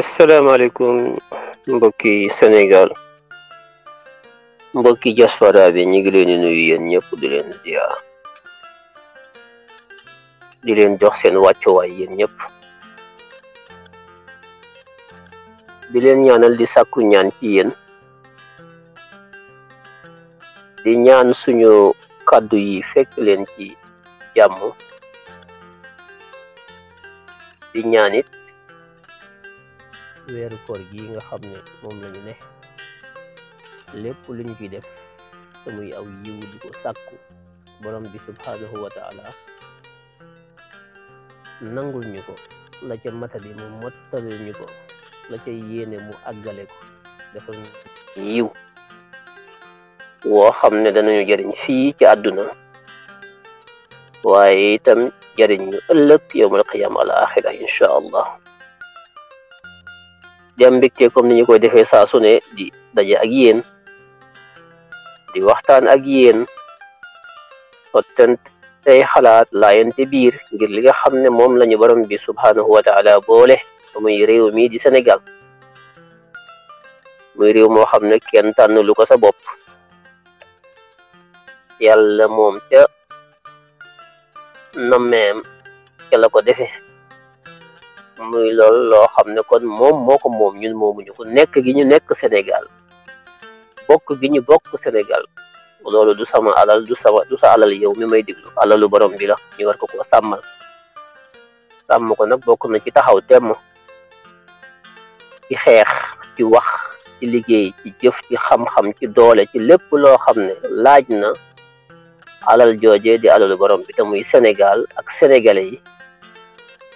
salaamaaleykum mbokki Sénégal mbokki diaspora bi ñu ngi leen di ñëpp di leen ziar di leen jox seen wàccuwaay yéen ñëpp di leen ñaanal di sakku ñaan ci yéen di ñaan suñu kàddu yi fekk leen ci jàmm di ñaan weeru koor gi nga xam ne moom lañu ne lépp lu ñu ci def te muy aw yiw di bi subhaanahu wa taala nangul ñu ko la ca matali mu mottali ñu ko la mu àggale ko dafa yiw woo xam ne danañu jëriñ fii ci àdduna waaye tam jëriñ ñu ëllëg yowmal qiyaama al axira incha allah di am mbégte ni koy di dajé ak yeen di waxtaan ak yéen sottan tey xalaat laayante bir ngir li nga xamné mom lañu borom bi subhanahu wa taala boole muy réew mi di Sénégal muy réew mo xamné kèn tan lu ko sa bop yalla mom ca nammeem ko muy loolu loo xam ne kon moom moo ko moom ñun moomuñu ko nekk gi ñu nekk Sénégal bokk gi ñu bokk Sénégal loolu du sama alal du sama du sa alal yow mi may diglu alalu borom bi la ñu war ko ko sàmmal sàmm ko nag bokk na ci taxaw temm ci xeex ci wax ci liggéey ci jëf ci xam-xam ci doole ci lépp loo xam ne laaj na alal jooje di alalu borom bi te muy Sénégal ak sénégalais yi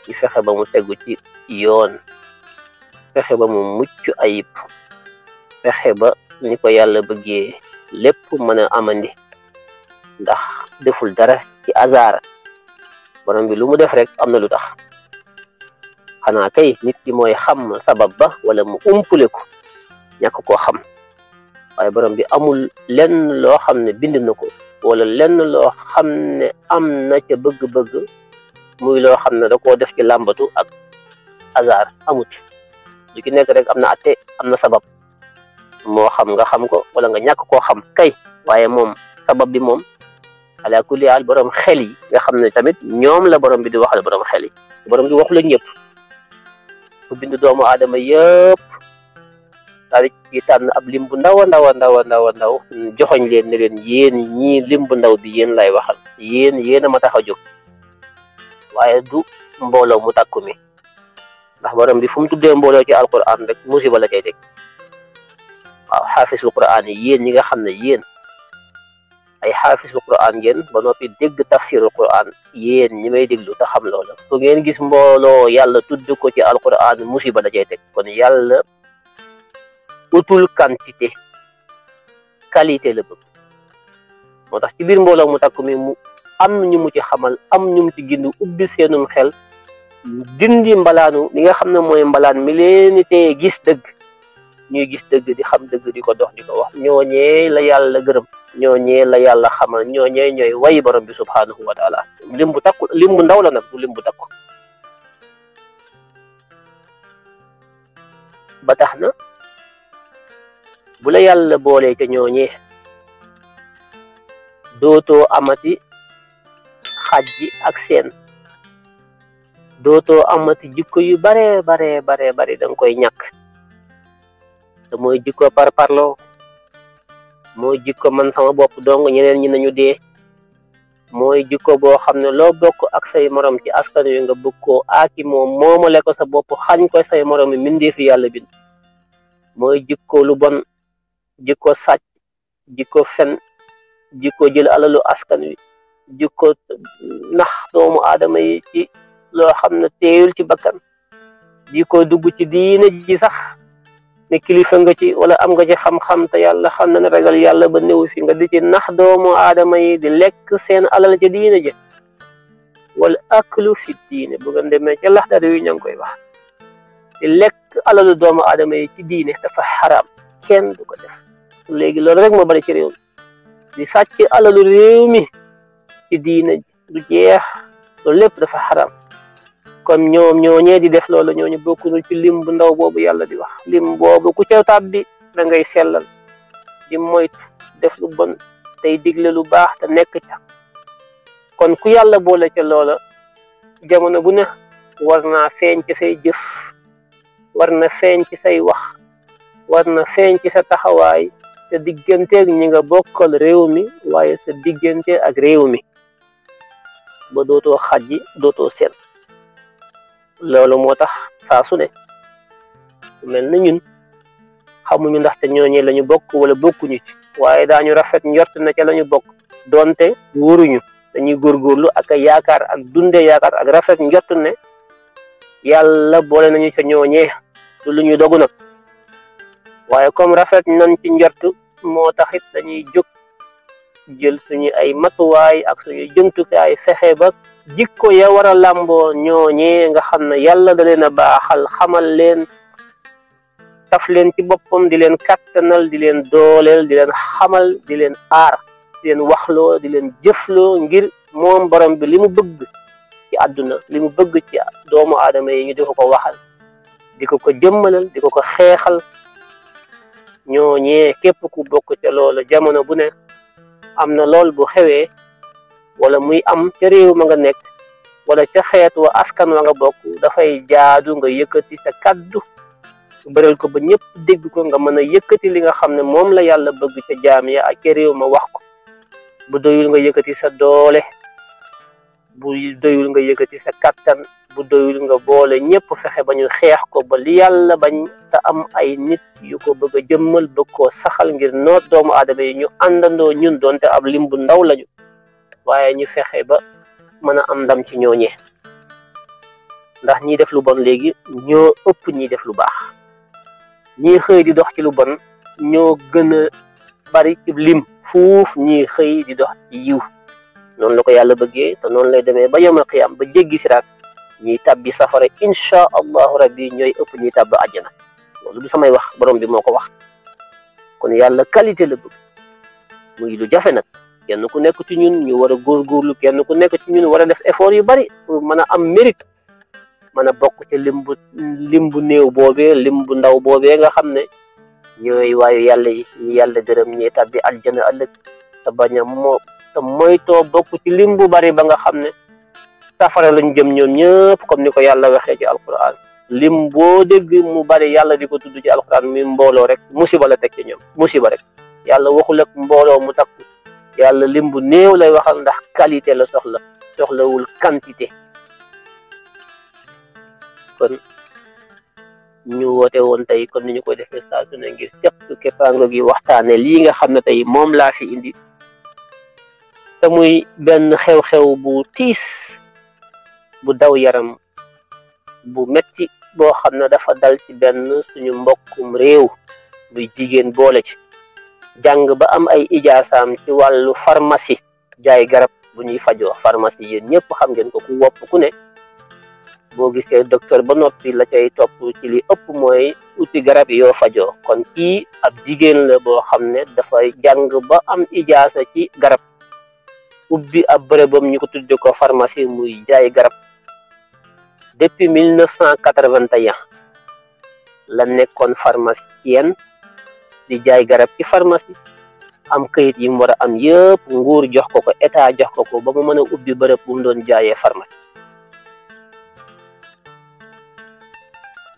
ci fexe ba mu tegu ci yoon fexe ba mu mucc ayib fexe ba ni ko yàlla bëggee lépp mën a amandi ndax deful dara ci hasard borom bi lu mu def rek am na lu tax xanaa kay nit ki mooy xam sabab ba wala mu umpule ko ñàkk koo xam waaye borom bi amul lenn loo xam ne bind na ko wala lenn loo xam ne am na ca bëgg-bëgg muy loo xam ne da koo def ci làmbatu ak hasard amut lu ki nekk rek am na atte am na sabab moo xam nga xam ko wala nga ñàkk koo xam kay waaye moom sabab bi moom ala kulli haal borom xel yi nga xam ne tamit ñoom la borom bi di waxal borom xel yi borom bi waxu la ñëpp mu bind doomu aadama yëpp daal di tànn ab lim bu ndaw a ndaw a ndaw a ndaw a ndaw joxoñ leen ne leen yéen ñii lim bu ndaw bi yéen lay waxal yéen yéen a ma tax a jóg waye du mbolo mu takku mi ndax borom bi fum tuddé mbolo ci alquran rek musiba la cay teg waaw xaafisul quran yi ñi nga xamné yeen ay hafiz alquran yeen ba nopi dégg tafsir alquran yeen ñi may lu ta xam loola fu ngeen gis mbolo yalla tudd ko ci alquran musiba la cay teg kon yalla utul quantité qualité le bëgg motax ci bir mbolo mu takku mi mu am ñu mu ci xamal am ñu mu ci gindu ubbi seenum xel dindi mbalaanu li nga xam ne mooy mbalaan mi leen gis dëgg ñuy gis dëgg di xam dëgg di ko dox di ko wax ñooñee la yàlla gërëm ñooñee la yàlla xamal ñooñee ñooy way borom bi subhanahu wa taala limbu bu takku ndaw la nag du lim ba tax bu la yàlla boolee ca ñooñee dootoo amati fajji ak seen dootoo amati jikko yu bare bare bare bare danga koy ñàkk te jikko par parlo mooy jikko man sama bopp dong ñeneen ñi nañu dee mooy jikko boo xam ne loo bokk ak say morom ci askan wi nga bëgg koo aaki moom moomale ko sa bopp xañ ko say morom yi mbindeefu yàlla bind mooy jikko lu bon jikko sàcc jikko fen jikko jël alalu askan wi jikko nax doomu aadama yi ci loo xam ne teeyul ci bakkan jikko dugg ci diine ji sax ne kilifa nga ci wala am nga ci xam-xam te yàlla xam na na ragal yàlla ba néew fi nga di ci nax doomu aadama yi di lekk seen alal ci diine ji wala aklu fi diine bu ngeen demee ca lax dara yu ña ngi koy wax di lekk alalu doomu aadama yi ci diine dafa xaraam kenn du ko def léegi rek moo bari ci réew di sàcc alalu réew ci diina du jeex loolu lépp dafa xaram kon ñoom ñooñee di def loolu ñooñu bokkunu ci lim bu ndaw boobu yàlla di wax lim boobu ku ca tàbbi da ngay sellal di moytu def lu bon tey digle lu baax te nekk ca kon ku yàlla boole ca loola jamono gu ne war naa feeñ ci say jëf war na feeñ ci say wax war na feeñ ci sa taxawaay sa digganteeg ñi nga bokkal réew mi waaye sa diggante ak réew mi ba dootoo xajji dootoo seet loolu moo tax saa su ne mel na ñun xamuñu ndaxte ñooñe la ñu bokk wala bokkuñu ci waaye daañu rafet njort na ca la bokk doonte wóoruñu dañuy góorgóorlu ak yaakaar ak dunde yaakaar ak rafet njort ne yàlla boole nañu ca ñooñee lu ñu dogu nag waaye comme rafet nañ ci njort moo tax it dañuy jóg jël suñu ay matuwaay ak suñu jëmtukaay fexe ba jikko ya war a làmboo ñooñee nga xam ne yàlla da leen a baaxal xamal leen taf leen ci boppam di leen kàttanal di leen dooleel di leen xamal di leen aar di leen waxloo di leen jëfloo ngir moom borom bi li mu bëgg ci àdduna limu bëgg ci doomu aadama yi ñu di ko ko waxal di ko ko jëmmalal di ko ko xeexal ñooñee képp ku bokk ca loola jamono bu ne am na lool bu xewee wala muy am ca réew ma nga nekk wala ca xeet wa askan wa nga bokk dafay jaadu nga yëkkati sa kàddu bëral ko ba ñëpp dégg ko nga mën a yëkkati li nga xam ne moom la yàlla bëgg ca jaam ya ak ca réew ma wax ko bu doyul nga yëkkati sa doole bu doyul nga yëkkati sa kàttan bu doyul nga boole ñëpp fexe ba ñu xeex ko ba li yàlla bañ te am ay nit yu ko bëgg a jëmmal bëgg ko saxal ngir noot doomu aadama yi ñu àndandoo ñun doonte ab lim bu ndaw lañu waaye ñu fexe ba mën a am ndam ci ñooñee ndax ñiy def lu bon léegi ñoo ëpp ñiy def lu baax ñii xëy di dox ci lu bon ñoo gën a bari ci lim fuuf ñii xëy di dox ci yiw non la ko yalla beugé te non lay démé ba yowmal qiyam ba djéggi sirat ñi tabbi safara insha allah rabbi ñoy ëpp ñi tàbb aljana lolu du samay wax borom bi moko wax kon yalla qualité le bëgg muy lu jafé nak kenn ku nekk ci ñun ñu gor gor lu kenn ku nekk ci ñun wara def effort yu bari pour mëna am mérite mëna bokk ci limbu limbu neew bobé limbu ndaw bobé nga xamné ne wayu yalla yi ñu yàlla gërëm ñee aljana ëlëk ta baña mo te moytoo bokk ci lim bu bari ba nga xam ne safara lañ jëm ñoom ñëpp comme ni ko yàlla waxee ci alquran lim boo dégg mu bari yàlla di ko tudd ci alquran mi mbooloo rek musiba la teg ci ñoom musiba rek yàlla waxul ak mbooloo mu takku yàlla lim bu néew lay waxal ndax qualité la soxla soxlawul quantité kon ñu wote woon tey comme ni ñu koy defee saa su ne ngir seq keppaango gi waxtaane lii nga xam ne tey moom laa fi indi te benn xew-xew bu tiis bu daw yaram bu metti boo xam ne dafa dal ci benn suñu mbokkum réew buy jigéen boole ci jàng ba am ay ijaasaam ci wàllu pharmacie jaay garab bu ñuy fajoo pharmacie yéen ñëpp xam ngeen ko ku wopp ku ne boo gisee docteur ba noppi la cay topp ci li ëpp mooy uti garab yoo fajoo kon kii ab jigéen la boo xam ne dafay jàng ba am ijaasa ci garab ubbi ab bërëbam ñu ko tudde ko pharmacie muy jaay garab depuis 1981 la nekkoon pharmacienne di jaay garab ci pharmacie am kayit yi mu war a am yëpp nguur jox ko ko état jox ko ko ba mu mën a ubbi bërëb bu mu doon jaayee pharmacie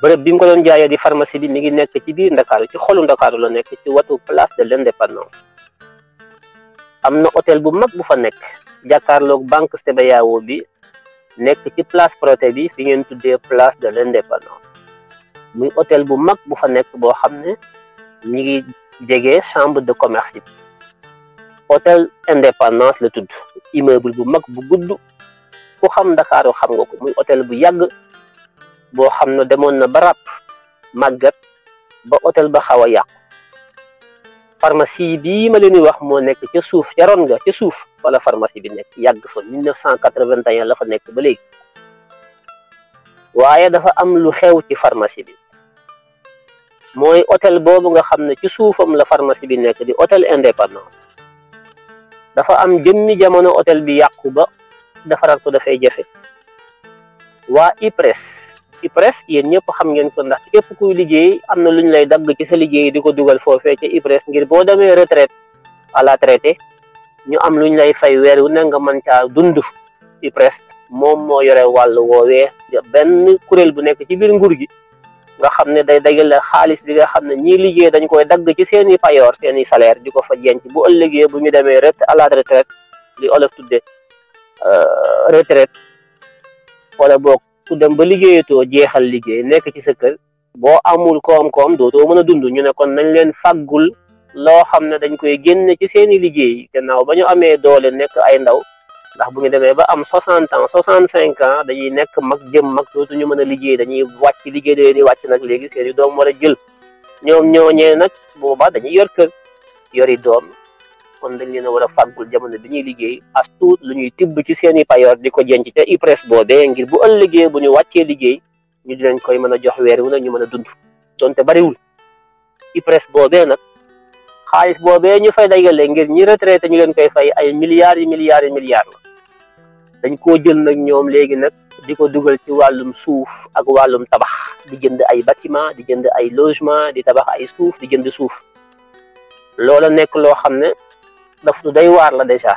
bërëb bi mu ko doon jaayee di pharmacie bi mi ngi nekk ci biir ndakaaru ci xolu ndakaaru la nekk ci watu place de l'indépendance amna hotel hôtel bu mag bu fa nekk jàkkaarloog banque CBAO bi nek ci place Protet bi fi ngeen tuddé place de l'indépendance muy hôtel bu mag bu fa nek bo xamné ñi ngi djégé chambre de commerce yi hôtel indépendance le tudd immeuble bu mag bu gudd ku xam ndakaaru xam nga ko muy hôtel bu yagg bo xam demone na barap magat ba hôtel ba xawa a pharmacie bi ma leen wax moo nekk ca suuf yaroon nga ca suuf wala pharmacie bi nekk yàgg fa 1981 la fa nekk ba léegi waaye dafa am lu xew ci pharmacie bi mooy hôtel boobu nga xam ne ci suufam la pharmacie bi nekk di hôtel indépendant dafa am jëmmi jamono hotel bi yàqu ba defaraat ko dafay jafe waa IPRES ci press yeen ñepp xam ngeen ko ndax képp kuy liggéey amna luñ lay dagg ci sa liggéey diko duggal fofé ci IPRES ngir bo démé retraite à la traité ñu am luñ lay fay wér wu nga mën caa dund IPRES moom moo yore wàll woowee benn kuréel bu nekk ci bir nguur gi nga xamné ne day dagale xaaliss bi nga xam ne liggéey dañ koy dagg ci seen payor seen salaire diko fa jenc bu ëllëgé bu ñu démé ret à la retraite li olof tudde euh, retraite wala boog ku dem ba liggéeyatoo jeexal liggéey nekk ci sa kër boo amul koom-koom dootoo mën a dund ñu ne kon nañ leen faggul loo xam ne dañ koy génn ci seeni liggéey gannaaw ba ñu amee doole nekk ay ndaw ndax bu ñu demee ba am soixante ans soixante cinq ans dañuy nekk mag jëm mag dootuñu mën a liggéey dañuy wàcc liggéey dañuy wàcc nag léegi seeni doom war a jël ñoom ñooñee nag booba dañuy yor kër yori doom kon dañ leen a war a fàggul jamono bi ñuy liggéey as tuut lu ñuy tibb ci seen i payoor di ko jenc te IPRES boobee ngir bu ëllëgee bu ñu wàccee liggéey ñu di leen koy mën a jox weer wu ne ñu mën a dund donte bariwul IPRES boobee nag xaalis boobee ñu fay dajale ngir ñi retraité ñu leen koy fay ay milliards yi milliards yi milliards dañ koo jël nag ñoom léegi nag di ko dugal ci wàllum suuf ak wàllum tabax di jënd ay bâtiment di jënd ay logement di tabax ay suuf di jënd suuf daf lu day war la dèjà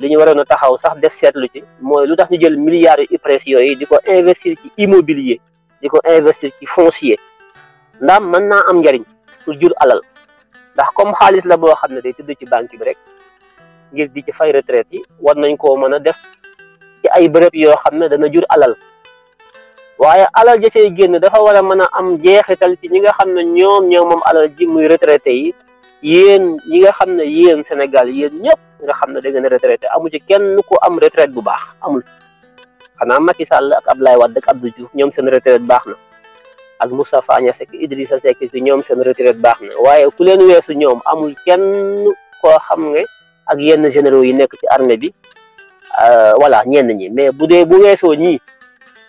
li ñu waroon a taxaw sax def seetlu ci mooy lu tax ñu jël milliards yu IPRES yooyu di ko investir ci immobilier di ko investir ci foncier ndaam mën naa am njariñ pour jur alal ndax comme xaalis la boo xam ne day tudd ci banque bi rek ngir di ci fay retraite yi war nañ koo mën a def ci ay bërëb yoo xam ne dana jur alal waaye alal ja cay génn dafa war a mën a am jeexital ci ñi nga xam ne ñoom ñoo moom alal ji muy retraité yi yéen ñi nga xam ne yéen Sénégal yéen ñëpp nga xam ne da ngeen retraité amu ci nu ko am retraite bu baax amul xanaa Macky Sall ak Abdoulaye wax ak Abdou Diouf ñoom seen retraite baax na ak Moustapha Niass ak Idrissa sekk ci ñoom seen retraite baax na waaye ku leen weesu ñoom amul kenn koo xam ne ak yenn généraux yi nekk ci armée bi euh, voilà ñenn ñi mais bu dee bu weesoo ñii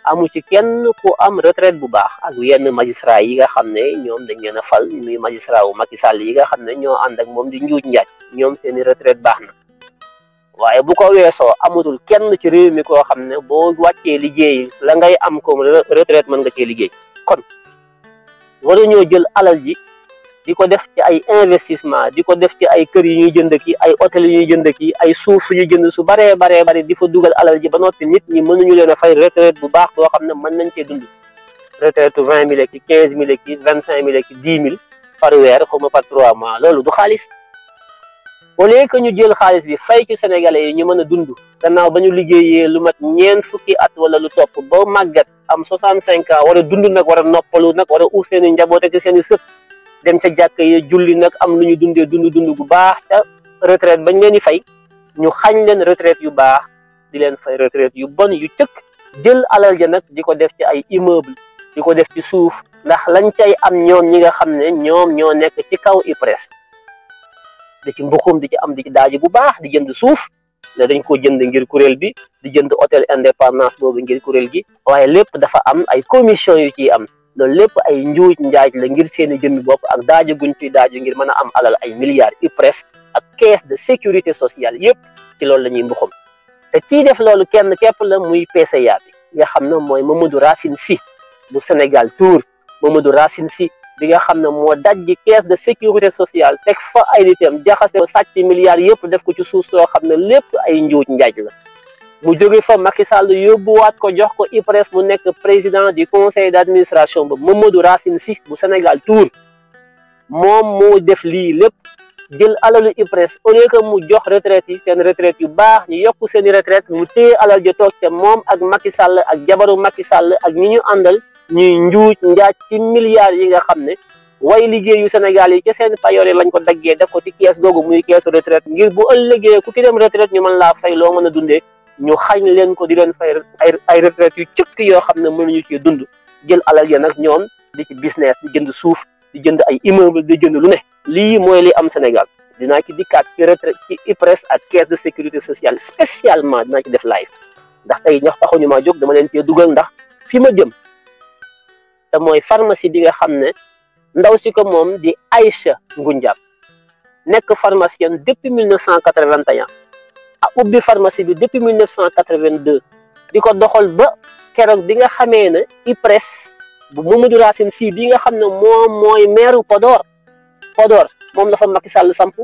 amu ci kenn ku am retraite bu baax ak yenn magistrat yi nga xam ne ñoom dañ leen a fal muy magistrat wu Macky Sall yi nga xam ne ñoo ànd ak moom di njuuj njaaj ñoom seeni retraite baax na waaye bu ko weesoo amatul kenn ci réew mi koo xam ne boo wàccee liggéey la ngay am comme retraite mën nga kee liggéey kon waruñoo jël alal ji di ko def ci ay investissement di ko def ci ay kër yu ñuy jënd ki ay hôtel yu ñuy jënd ki ay suuf yu ñuy jënd su baree baree bari di fa dugal alal ji ba noppi nit ñi mënuñu leen a fay retraite bu baax boo xam ne mën nañ cee dund retraite vingt mille ki quinze mille ki vingt cinq mille ki dix mille par weer ko ma par trois mois loolu du xaalis au lieu que ñu jël xaalis bi fay ci sénégalais yi ñu mën a dund gannaaw ba ñu liggéeyee lu mat ñeent fukki at wala lu topp ba màggat am soixante cinq ans war a dund nag nag war a seeni njaboot ak seeni sët dem ca jakk yi ya julli nak am lu ñu dundu dundu gubah bu baax ta retraite bañ leen di fay ñu xañ leen retraite yu baax di leen fay retraite yu bon yu cëkk jël alal ja nak di def ci ay immeuble diko def ci suuf ndax lañ cay am ñoom ñi nga xamné ñoom ño nekk ci kaw IPRES di ci mbokum di ci am di ci daaji bu baax di jënd suuf ne dañ ko jënd ngir kurel bi di jënd hôtel indépendance bobu ngir kurel gi waye lepp dafa am ay commission yu ci am loolu lépp ay njuuj njaaj la ngir seeni i jëmmi bopp ak daaju guñ ciy daaju ngir mën a am alal ay milliards IPRES ak caisse de sécurité sociale yëpp ci loolu la ñuy mbuxum te ciy def loolu kenn képp la muy PCA bi nga xam ne mooy Mamadou Racine Sy bu Sénégal Tour Mamadou Racine Sy bi nga xam ne moo dajji caisse de sécurité sociale teg fa ay nitam jaxase ko sàcc milliards yëpp def ko ci suuf soo xam ne lépp ay njuuj njaaj la mu jóge fa Macky Sall yóbbuwaat ko jox ko IPRES mu nekk président du conseil d' administration ba Mamadou Racine si bu Sénégal Tour moom moo def lii lépp jël alalu IPRES au lieu que mu jox retraite yi seen retraite yu baax ñi yokk seen i retraite mu téye alal ja toog te moom ak Macky Sall ak jabaru Macky Sall ak ñi ñu àndal ñuy njuuj njaaj ci milliards yi nga xam ne way liggéeyu Sénégal yi ca seen payoor yi lañ ko daggee def ko ci kees googu muy keesu retraite ngir bu ëllëgee ku ki dem ñu mën laa fay loo mën a dundee ñu xañ leen ko di leen fay ay ay retraite yu cëkk yoo xam ne mënuñu cee dund jël alal ya nag ñoom di ci business di jënd suuf di jënd ay immeuble di jënd lu ne lii mooy li am Sénégal dinaa ci dikkaat ci retraite ci ak caisse de sécurité sociale spécialement dinaa ci def live ndax tey ñax taxuñu maa jóg dama leen cee dugal ndax fi ma jëm te mooy pharmacie bi nga xam ne ndaw si ko moom di ngu Ngunjaab nekk pharmacienne depuis 1981 ubbi pharmacie bi depuis 1982 di ko doxal ba keroog bi nga xamee ne IPRES bu Mamadou Racine Sy bi nga xam ne moom mooy meeru Podor Podor moom la fa Macky Sall samp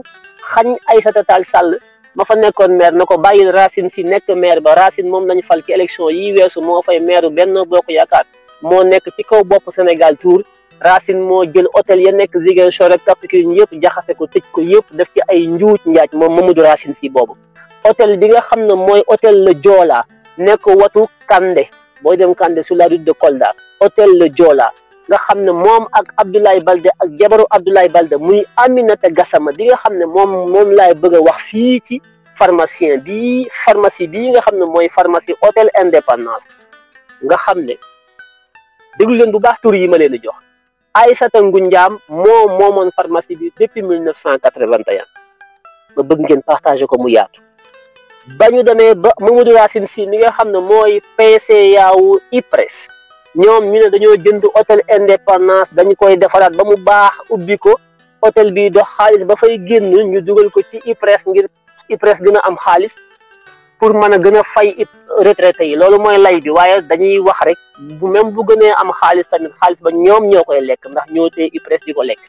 xañ ay Tall sàll ma fa nekkoon meer na ko bàyyil Racine Sy nekk maire ba Racine moom lañu fal ci élection yi weesu moo fay maire Benno Bokk Yaakaar moo nekk ci kaw bopp Sénégal Tour Racine moo jël hôtel ya nekk Ziguinchor ak Cap Skirring yëpp jaxase ko tëj ko yëpp def ci ay njuuj njaaj moom Mamadou Racine Sy boobu hôtel bi nga xam ne mooy hôtel la Joola nekk watu Kande mooy dem Kande su la route de Kolda hôtel Le Joola nga xam ne moom ak Abdoulaye Balde ak jabaru Abdoulaye Balde muy Aminata gasama bi nga xam ne moom moom laay bëgg a wax fii ci pharmacien bii pharmacie bii nga xam ne mooy pharmacie hôtel Indépendance nga xam ne déglu leen bu baax tur yi ma leen di jox Aïssata Ngunjaam moo moomoon pharmacie bi depuis 1981 ma bëgg ngeen partagé ko mu yaatu. ba ñu demee ba Mamadou Racine Sy mi nga xam ne mooy PCA wu IPRES ñoom ñu ne dañoo jënd hôtel indépendance dañu koy defaraat ba mu baax ubbi ko hôtel bi dox xaalis ba fay génn ñu dugal ko ci IPRES ngir IPRES gën a am xaalis pour mën a gën a fay retraités yi loolu mooy lay bi waaye dañuy wax rek bu même bu gënee am xaalis tamit xaalis ba ñoom ñoo koy lekk ndax ñoo tee IPRES di ko lekk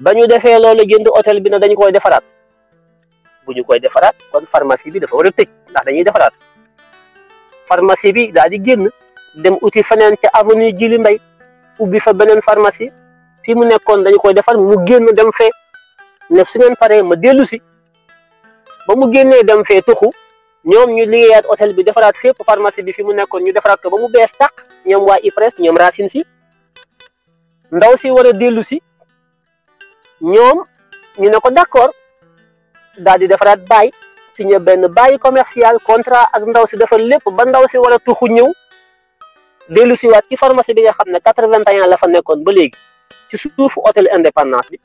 ba ñu defee loolu jënd hôtel bi ne dañu koy defaraat. bu koy defarat kon pharmacie bi dafa wara tej ndax dañuy defarat pharmacie bi daal di nah, génn dem uti feneen ci avenue Jili Mbay ubbi fa beneen pharmacie fi mu nekkoon dañu koy defar mu génn dem fee ne su ngeen paree ma dellu si ba mu génnee dem fee tuxu ñoom ñu liggéeyaat hôtel bi defaraat fépp pharmacie bi fi mu nekkoon ñu defaraat ko ba mu bees tàq ñoom waa IPRES ñoom racine si ndaw si war a dellu si ñoom ñu ne ko d'accord dal di bay, bay signé ben bay commercial contrat ak ndaw si defal lepp ba ndaw si wala tuxu ñew delu si wat ci pharmacie bi nga xam ne ans la fa nekkon ba légui ci souf hôtel indépendance bi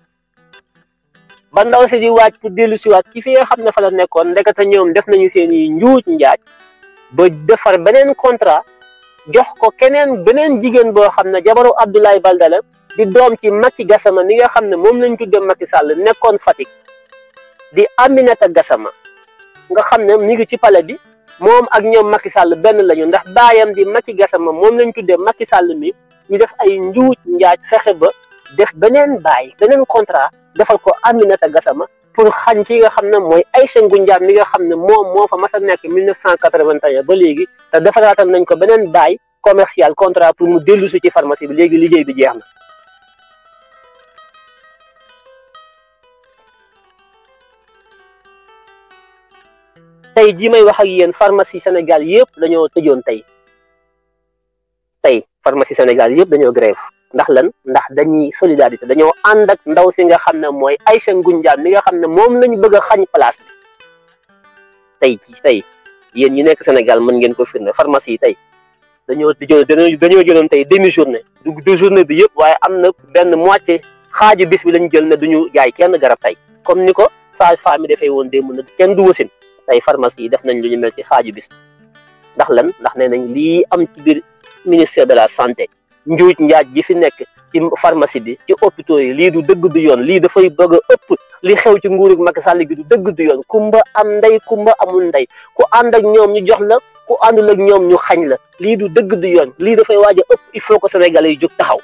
ba ndaw si di wat pour delu si wat ci fi nga xam fa la nekkon ndekete ñoom def nañu seen i njaaj ba defar benen contrat jox ko keneen benen jigen bo jabaru Abdoulaye baldala di dom ci Macky Gassama ni nga xam mom lañ tudde Macky Sall nekkon fatik di Aminata Gassama nga xam ne mi ngi ci pale bi moom ak ñoom Macky sàll benn lañu ndax baayam di Macky Gassama moom lañ tuddee Macky Sall mi ñu def ay njuuj njaaj fexe ba def beneen baay beneen contrat defal ko a Gassama pour xañ ki nga xam ne mooy ay Aïcha Ngunjaam mi nga xam ne moom moo fa mas a nekk 1981 ba léegi te defaraatam nañ ko beneen baay commercial contrat pour mu dellusi ci pharmacie bi léegi liggéey bi jeex na tey jii may wax ak yéen pharmacie Sénégal yëpp dañoo tëjoon tey tey pharmacie Sénégal yëpp dañoo grève ndax lan ndax dañuy solidarité dañoo ànd ak ndaw si nga xam ne mooy Aïcha Ngunjaan mi nga xam ne moom lañu bëgg a xañ place bi tey jii tey yéen ñi nekk Sénégal mën ngeen ko firnde pharmacie yi tey dañoo tëjoon dañoo jëloon tey demi journée du journée bi yëpp waaye am na benn moitié xaaju bis bi lañu jël ne duñu jaay kenn garab tey comme ni ko sage-femme yi dafay woon démb na kenn du wasin tey pharmacie yi def nañ lu ñu mel ci xaaju bis ndax lan ndax nee nañ lii am ci biir ministère de la santé njuuj njaaj ji fi nekk ci pharmacie bi ci hôpitaux yi lii du dëgg du yoon lii dafay bëgg a ëpp li xew ci nguurug Macky Sall gi du dëgg du yoon kumba am ndey kumba amul ndey ku ànd ak ñoom ñu jox la ku àndul ak ñoom ñu xañ la lii du dëgg du yoon lii dafay waaj a ëpp il faut que sénégal yi jóg taxaw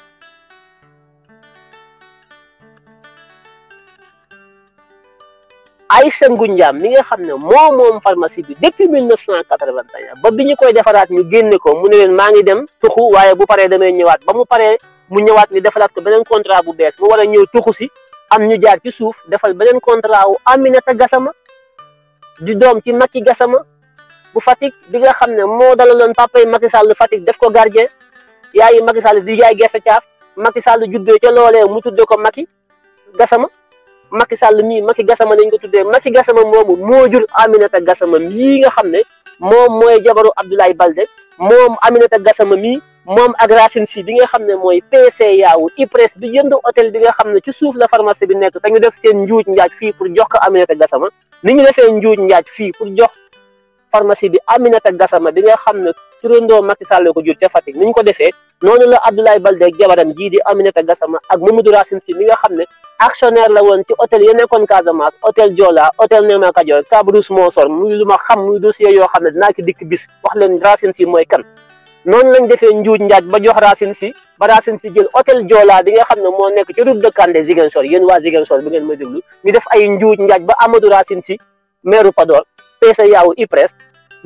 Aïcha Ngoundiam mi nga xam ne moo moom pharmacie bi depuis mille neuf cent quatre-vingt-un ba bi ñu koy defaraat ñu génne ko mu ne leen maa ngi dem tuxu waaye bu paree damay ñëwaat ba mu paree mu ñëwaat ni defaraat ko beneen contrat bu bees mu war a ñëw tuxu si am ñu jaar ci suuf defal beneen contrat wu Aminata gasama di doom ci Macky Gassama bu Fatick bi nga xam ne moo dalaloon papay Macky sàll Fatick def ko gardien yaayi Macky Sall di jaay gerte caaf Macky Sall juddoo ca loolee mu ko Macky Gassama Macky Sall mii Macky Gassama nañ ko tuddee Macky Gassama moomu moo jur Aminata Gassama mii nga xam ne moom mooy jabaru Abdoulaye Balde moom Aminata Gassama mii moom ak Racine Sy bi nga xam ne mooy PCA wu IPRES bi jënd hôtel bi nga xam ne ci suuf la pharmacie bi nekk te ñu def seen njuuj njaaj fii pour jox ko Aminata Gassama ni ñu defee njuuj njaaj fii pour jox pharmacie bi Aminata Gassama bi nga xam ne turandoo Macky Sall ko jur ca Fatick ni ñu ko defee noonu la Abdoulaye Balde jabaram jii di Aminata Gassama ak Mamadou Racine Sy mi nga xam ne actionnaire la woon ci hôtel ya nekkoon Casamance hôtel Joola hôtel Néma Kajoor Kabrousse moo sor muy lu ma xam muy dossier yoo xam ne dinaa ci dikk bis wax leen Racine Sy mooy kan noonu lañ defee njuuj njaaj ba jox Racine si ba Racine Sy jël hôtel jola di nga xam ne moo nekk ci route de Kandé Ziguinchor yéen waa Ziguinchor bi ngeen may déglu ñu def ay njuuj njaaj ba Amadou Racine Sy maire Podor peese yaawu IPRES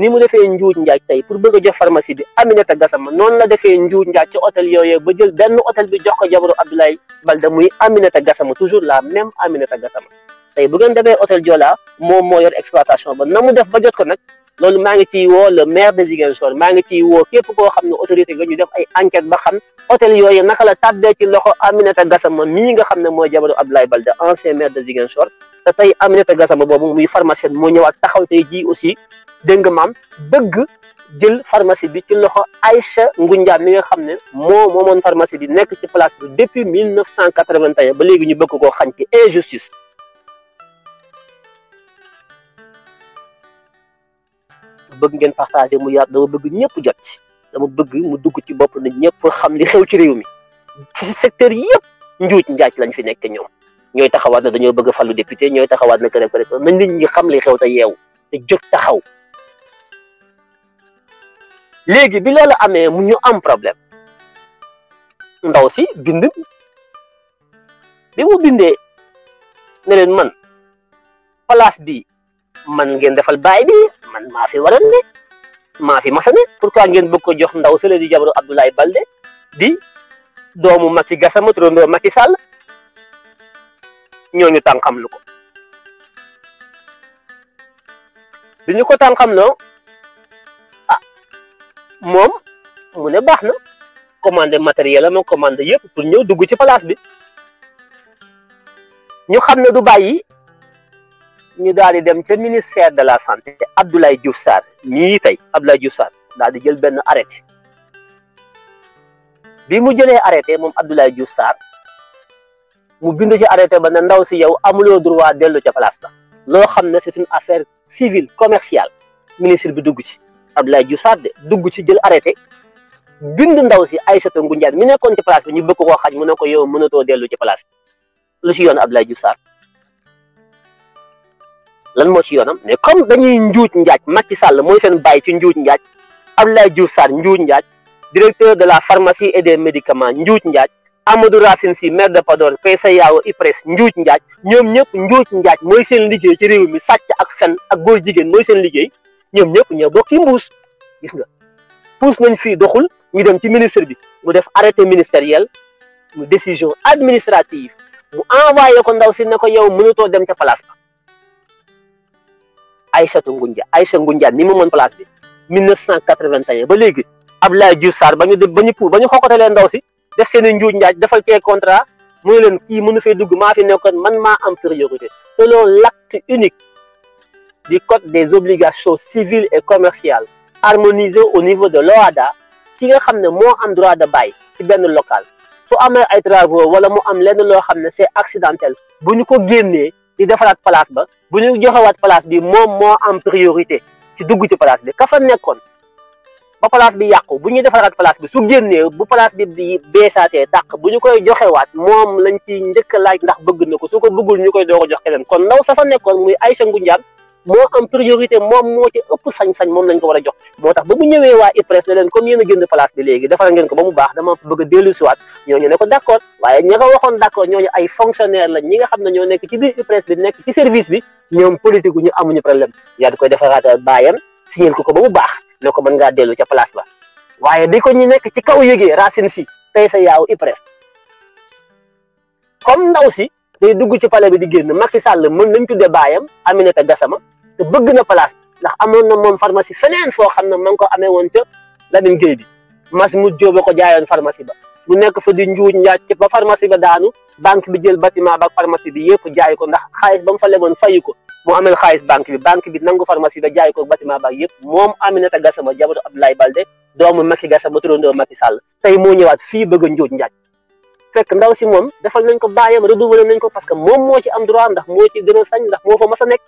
ni mu defee njuuj njaaj tey pour bëgg a jox pharmacie bi Aminata Gassama noonu la defee njuuj njaaj ci hôtel yooyu ba jël benn hôtel bi jox ko jabaru Abdoulaye Balde muy Aminata Gassama toujours la même a Gassama tey bu ngeen demee hôtel Joola moom moo yor exploitation ba na mu def ba jot ko nag loolu maa ngi ciy woo le maire de Ziguinchor maa ngi ciy woo képp koo xam ne autorité nga ñu def ay enquête ba xam hôtel yooyu naka la tàbbee ci loxo Aminata Gassama mii nga xam ne mooy jabaru Abdoulaye Balde ancien maire de Ziguinchor te tey Aminata Gassama boobu muy pharmacienne moo ñëwaat taxaw tey jii aussi dégg nga maam bëgg jël pharmacie bi ci loxo Aïcha Ngunjaan mi nga xam ne moo moomoon pharmacie bi nekk ci place bi depuis mille neuf cent quatre-vingt-un ba léegi ñu bëgg koo xañ ci injustice bëgg ngeen partagé mu yaat dama bëgg ñëpp jot ci dama bëgg mu dugg ci bopp na ñëpp xam ni xew ci réew mi secteur yëpp njuuj njaaj lañu fi nekk ñoom ñooy taxawaat na dañoo bëgg falu député ñooy taxawaat na kërë kërë nañ nit ñi xam li xew te yeewu te jóg taxaw légui bi lolu amé ñu am problème ndaw si bind bi mu bindé né len man place bi man ngeen defal bay bi man ma fi waral né ma fi masa ne pourquoi ngeen bëgg ko jox ndaw sele di jabaru abdoulay Balde di doomu maki Gassama turandoo maki Sall ñoñu tankam lu ko biñu ko tankam moom mu ne baax na commandé matériel la am commandé yëpp pour ñëw dugg ci place bi ñu xam ne du bàyyi ñu daal di dem ca ministère de la santé Abdoulaye Diouf Sarr nii tey Abdoulaye Diouf daal di jël benn arrêté bi mu jëlee arrêté moom Abdoulaye Diouf Sarr mu bind ci arrêté ba ne ndaw si yow amuloo droit dellu ca place ba loo xam ne c'est une affaire civile commercial ministre bi dugg ci. Abdoulaye Diouf Sarr de dugg ci jël arrêté bind ndaw si Aïssata Ngoune Ndiaye mi nekkoon ci place bi ñu bëgg koo xaj mu ne ko yow mënatoo dellu ci place lu ci yoon Abdoulaye Diouf Sarr lan moo ci yoonam mais comme dañuy njuuj njaaj Macky sàll mooy seen bàyyi ci njuuj njaaj Abdoulaye Diouf Sarr njuuj njaaj directeur de la pharmacie et des médicament njuuj njaaj Amadou Racine Sy maire de Podor PCAO IPRES njuuj njaaj ñoom ñëpp njuuj njaaj mooy seen liggéey ci réew mi sàcc ak fen ak góor jigéen mooy seen liggéey ñoom ñëpp ñoo bokk ci mbuus gis nga puus nañ fii doxul ñu dem ci ministre bi mu def arrêté ministériel mu décision administrative mu envoyé ko ndaw si ne ko yow mënutoo dem ca place ba Aïssatou Ngunja Aïssa Ngunja ni mu mën place bi 1981 ba léegi Abdoulaye Diouf sar ba ñu ba ñu pour ba ñu xokkotalee ndaw si def seen i njuuj njaaj defal kee contrat mu ne leen kii mënu fee dugg maa fi nekkoon man maa am priorité selon l'acte unique du Code des obligations civiles et commerciales harmonisé au niveau de l'OADA ki nga xam ne am droit de bail ci benn local su amee ay travaux wala mu am lenn loo xam ne c'est accidentel bu ñu ko génnee di defaraat place ba bu ñu place bi moom mo am priorité ci dugg ci place bi ka fa nekkoon ba place bi yakku buñu ñuy place bi su génnee bu place bi bi beesaatee tàq buñu ñu koy joxewaat mom lañ ci njëkk laaj ndax bëgg nako su ko bëggul ñukoy koy doog jox keneen kon ndaw sa fa nekkoon muy Aïcha Ngoundiane mo am priorité mom mo ci ëpp sañ-sañ mom lañ ko wara jox motax tax ba mu ñëwee waa IPRES ne leen comme yéen a jënd place bi légui defal ngeen ko ba mu baax dama bëgg délu ci wat ñoo ne ko d'accord waye waaye ña ko waxoon d' ay fonctionnaire lañ ñi nga ñoo nekk ci biir ipress bi nekk ci service bi ñoom politique ñu amuñu problème ya di koy defaraat bayam signal ko ko ba mu baax ne ko mën ngaa dellu ca place ba waye di ko ñu nekk ci kaw yëgee racine ci tay sa yaaw ipress comme ndaw si day dugg ci pale bi di génn Macky Sall mën nañ tuddee baayam Aminata Gassama te bëgg na place ndax amoon na moom pharmacie feneen foo xam na ma ko amee woon ca Lamine Gueye bi mas mu jóoba ko jaayoon pharmacie ba mu nekk fa di njuuj njaaj ci ba pharmacie ba daanu banque bi jël bâtiment ba pharmacie bi yëpp jaay ko ndax xaalis ba mu fa leboon fayu ko mu amel xaalis banque bi banque bi nangu pharmacie ba jaay ko bâtiment ba yëpp moom Aminata Gassama jabaru Abdoulaye Balde doomu Macky Gassama turandoo Macky Sall tey moo ñëwaat fii bëgg a njuuj fekk ndaw si moom defal nañ ko bàyyam redoublé nañ ko parce que moom moo ci am droit ndax moo ci gën a sañ ndax moo fa mas a nekk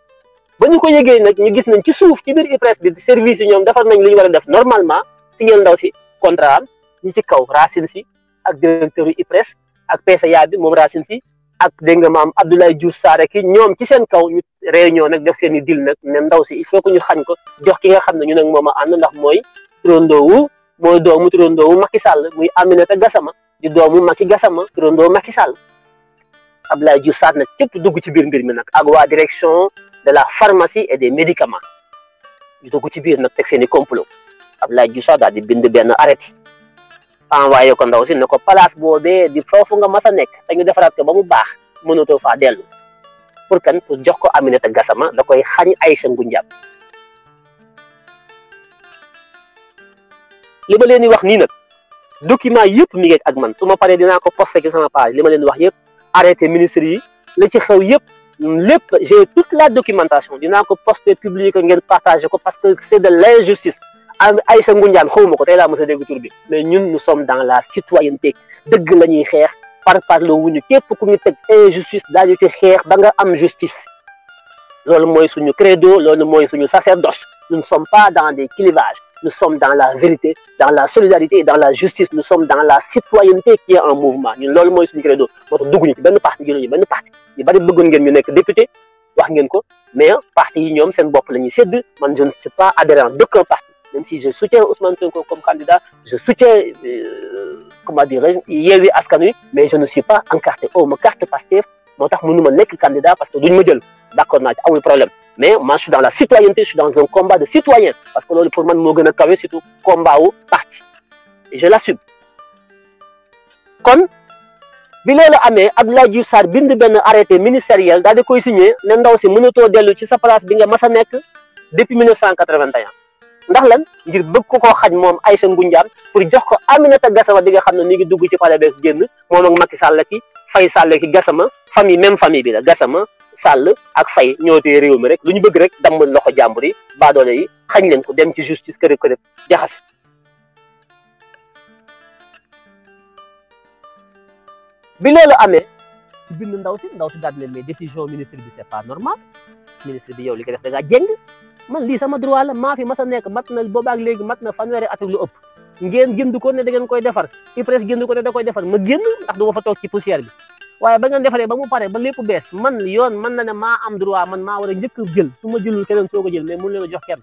ba ñu ko yëgee nag ñu gis nañ ci suuf ci biir IPRES bi service yi ñoom defar nañ li ñu war a def normalement signal ndaw si contrat am ñi ci kaw Racine si ak directeur yu IPRES ak PCA bi moom Racine si ak dégg nga maam Abdoulaye Diouf Sarr ki ñoom ci seen kaw ñu réunion nag def seen i deal nag ne ndaw si il faut que ñu xañ ko jox ki nga xam ne ñu nag moom a ànd ndax mooy turandoowu mooy doomu turandoowu Macky Sall muy Aminata Gassama di doomu Macky Gassama turandoo Macky Sall Abdoulaye Diouf sat na cipp dugg ci bir mbir mi nak ak wa direction de la pharmacie et des médicaments ñu dugg ci bir nak tek seen complot Abdoulaye Diouf sat daal di bind ben arrêté envoyé ko ndaw ci nako place bobé di fofu nga massa nek nekk te ñu defaraat ko ba mu baax mënatoo faa dellu pour kan pour jox ko Aminata Gassama da koy xagn Aïcha Ngoundiane li ma wax ni nak document yep mi ngi ak man su ma paree ko posté ci sama page li ma leen wax yëpp arrêté ministre yi la ci xew yëpp lépp j'ai toute la documentation dina ko posté publier ko ngeen partager ko parce que c'est de l'injustice Aïssa Ngoundiane xaw ma ko tey laa mos a dégg bi mais ñun nous sommes dans la citoyenneté dëgg la ñuy xeex par parlo wuñu képp ku ñu teg injustice daañu ci xeex ba nga am justice loolu mooy suñu credo loolu mooy suñu sacerdoce nous ne sommes pas dans des clivages nous sommes dans la vérité, dans la solidarité et dans la justice. Nous sommes dans la citoyenneté qui est en mouvement. Nous sommes mooy pas credo députés tax parti Nous parti député mais parti je ne suis pas adhérent d'aucun parti même si je soutiens Ousmane Sonko comme candidat je soutiens euh, comment dirais-je mais je ne suis pas encarté oh ma carte que Mon ne suis ma candidat parce que duñ jël d'accord a ci problème mais moi je suis dans la citoyenneté je suis dans un combat de citoyen parce que loolu pour man moo gën a kawe surtout combat wu parti et je l'assume Comme, bi loolu amee Abdoulaye Diouf Sarr bind benn arrêté ministériel daal di koy signé ne ndaw si mënatoo dellu ci sa place bi nga mas a nekk depuis 1981 ndax lan ngir bëgg ko koo xaj moom Aïssa Ngoundiane pour jox ko Aminata Gassama bi nga xam ne ni ngi dugg ci palais beeg génn moom ak Macky Sall ki Faye ki Gassama famille même famille bi la Gassama Sall ak Faye ñoo tee réew mi rek lu ñu bëgg rek damm loxo jàmbur yi baadoole yi xañ leen ko dem ci justice kërëb kërëb jaxase bi loolu amee ci bind ndaw si ndaw si daal ne mais décision ministre bi c'est pas normal ministre bi yow li ko def da ngaa jéng man lii sama droit la maa fi mas a nekk mat na boobaak léegi mat na fanweeri at ak lu ëpp ngeen jënd ko ne da ngeen koy defar IPRES jënd ko ne da koy defar ma génn ndax du fa toog ci poussière bi waaye ba ngeen defaree ba mu pare ba lépp bees man yoon man na ne maa am droit man maa war a njëkk jël su ma jëlul keneen soo ko jël mais mun leen a jox kenn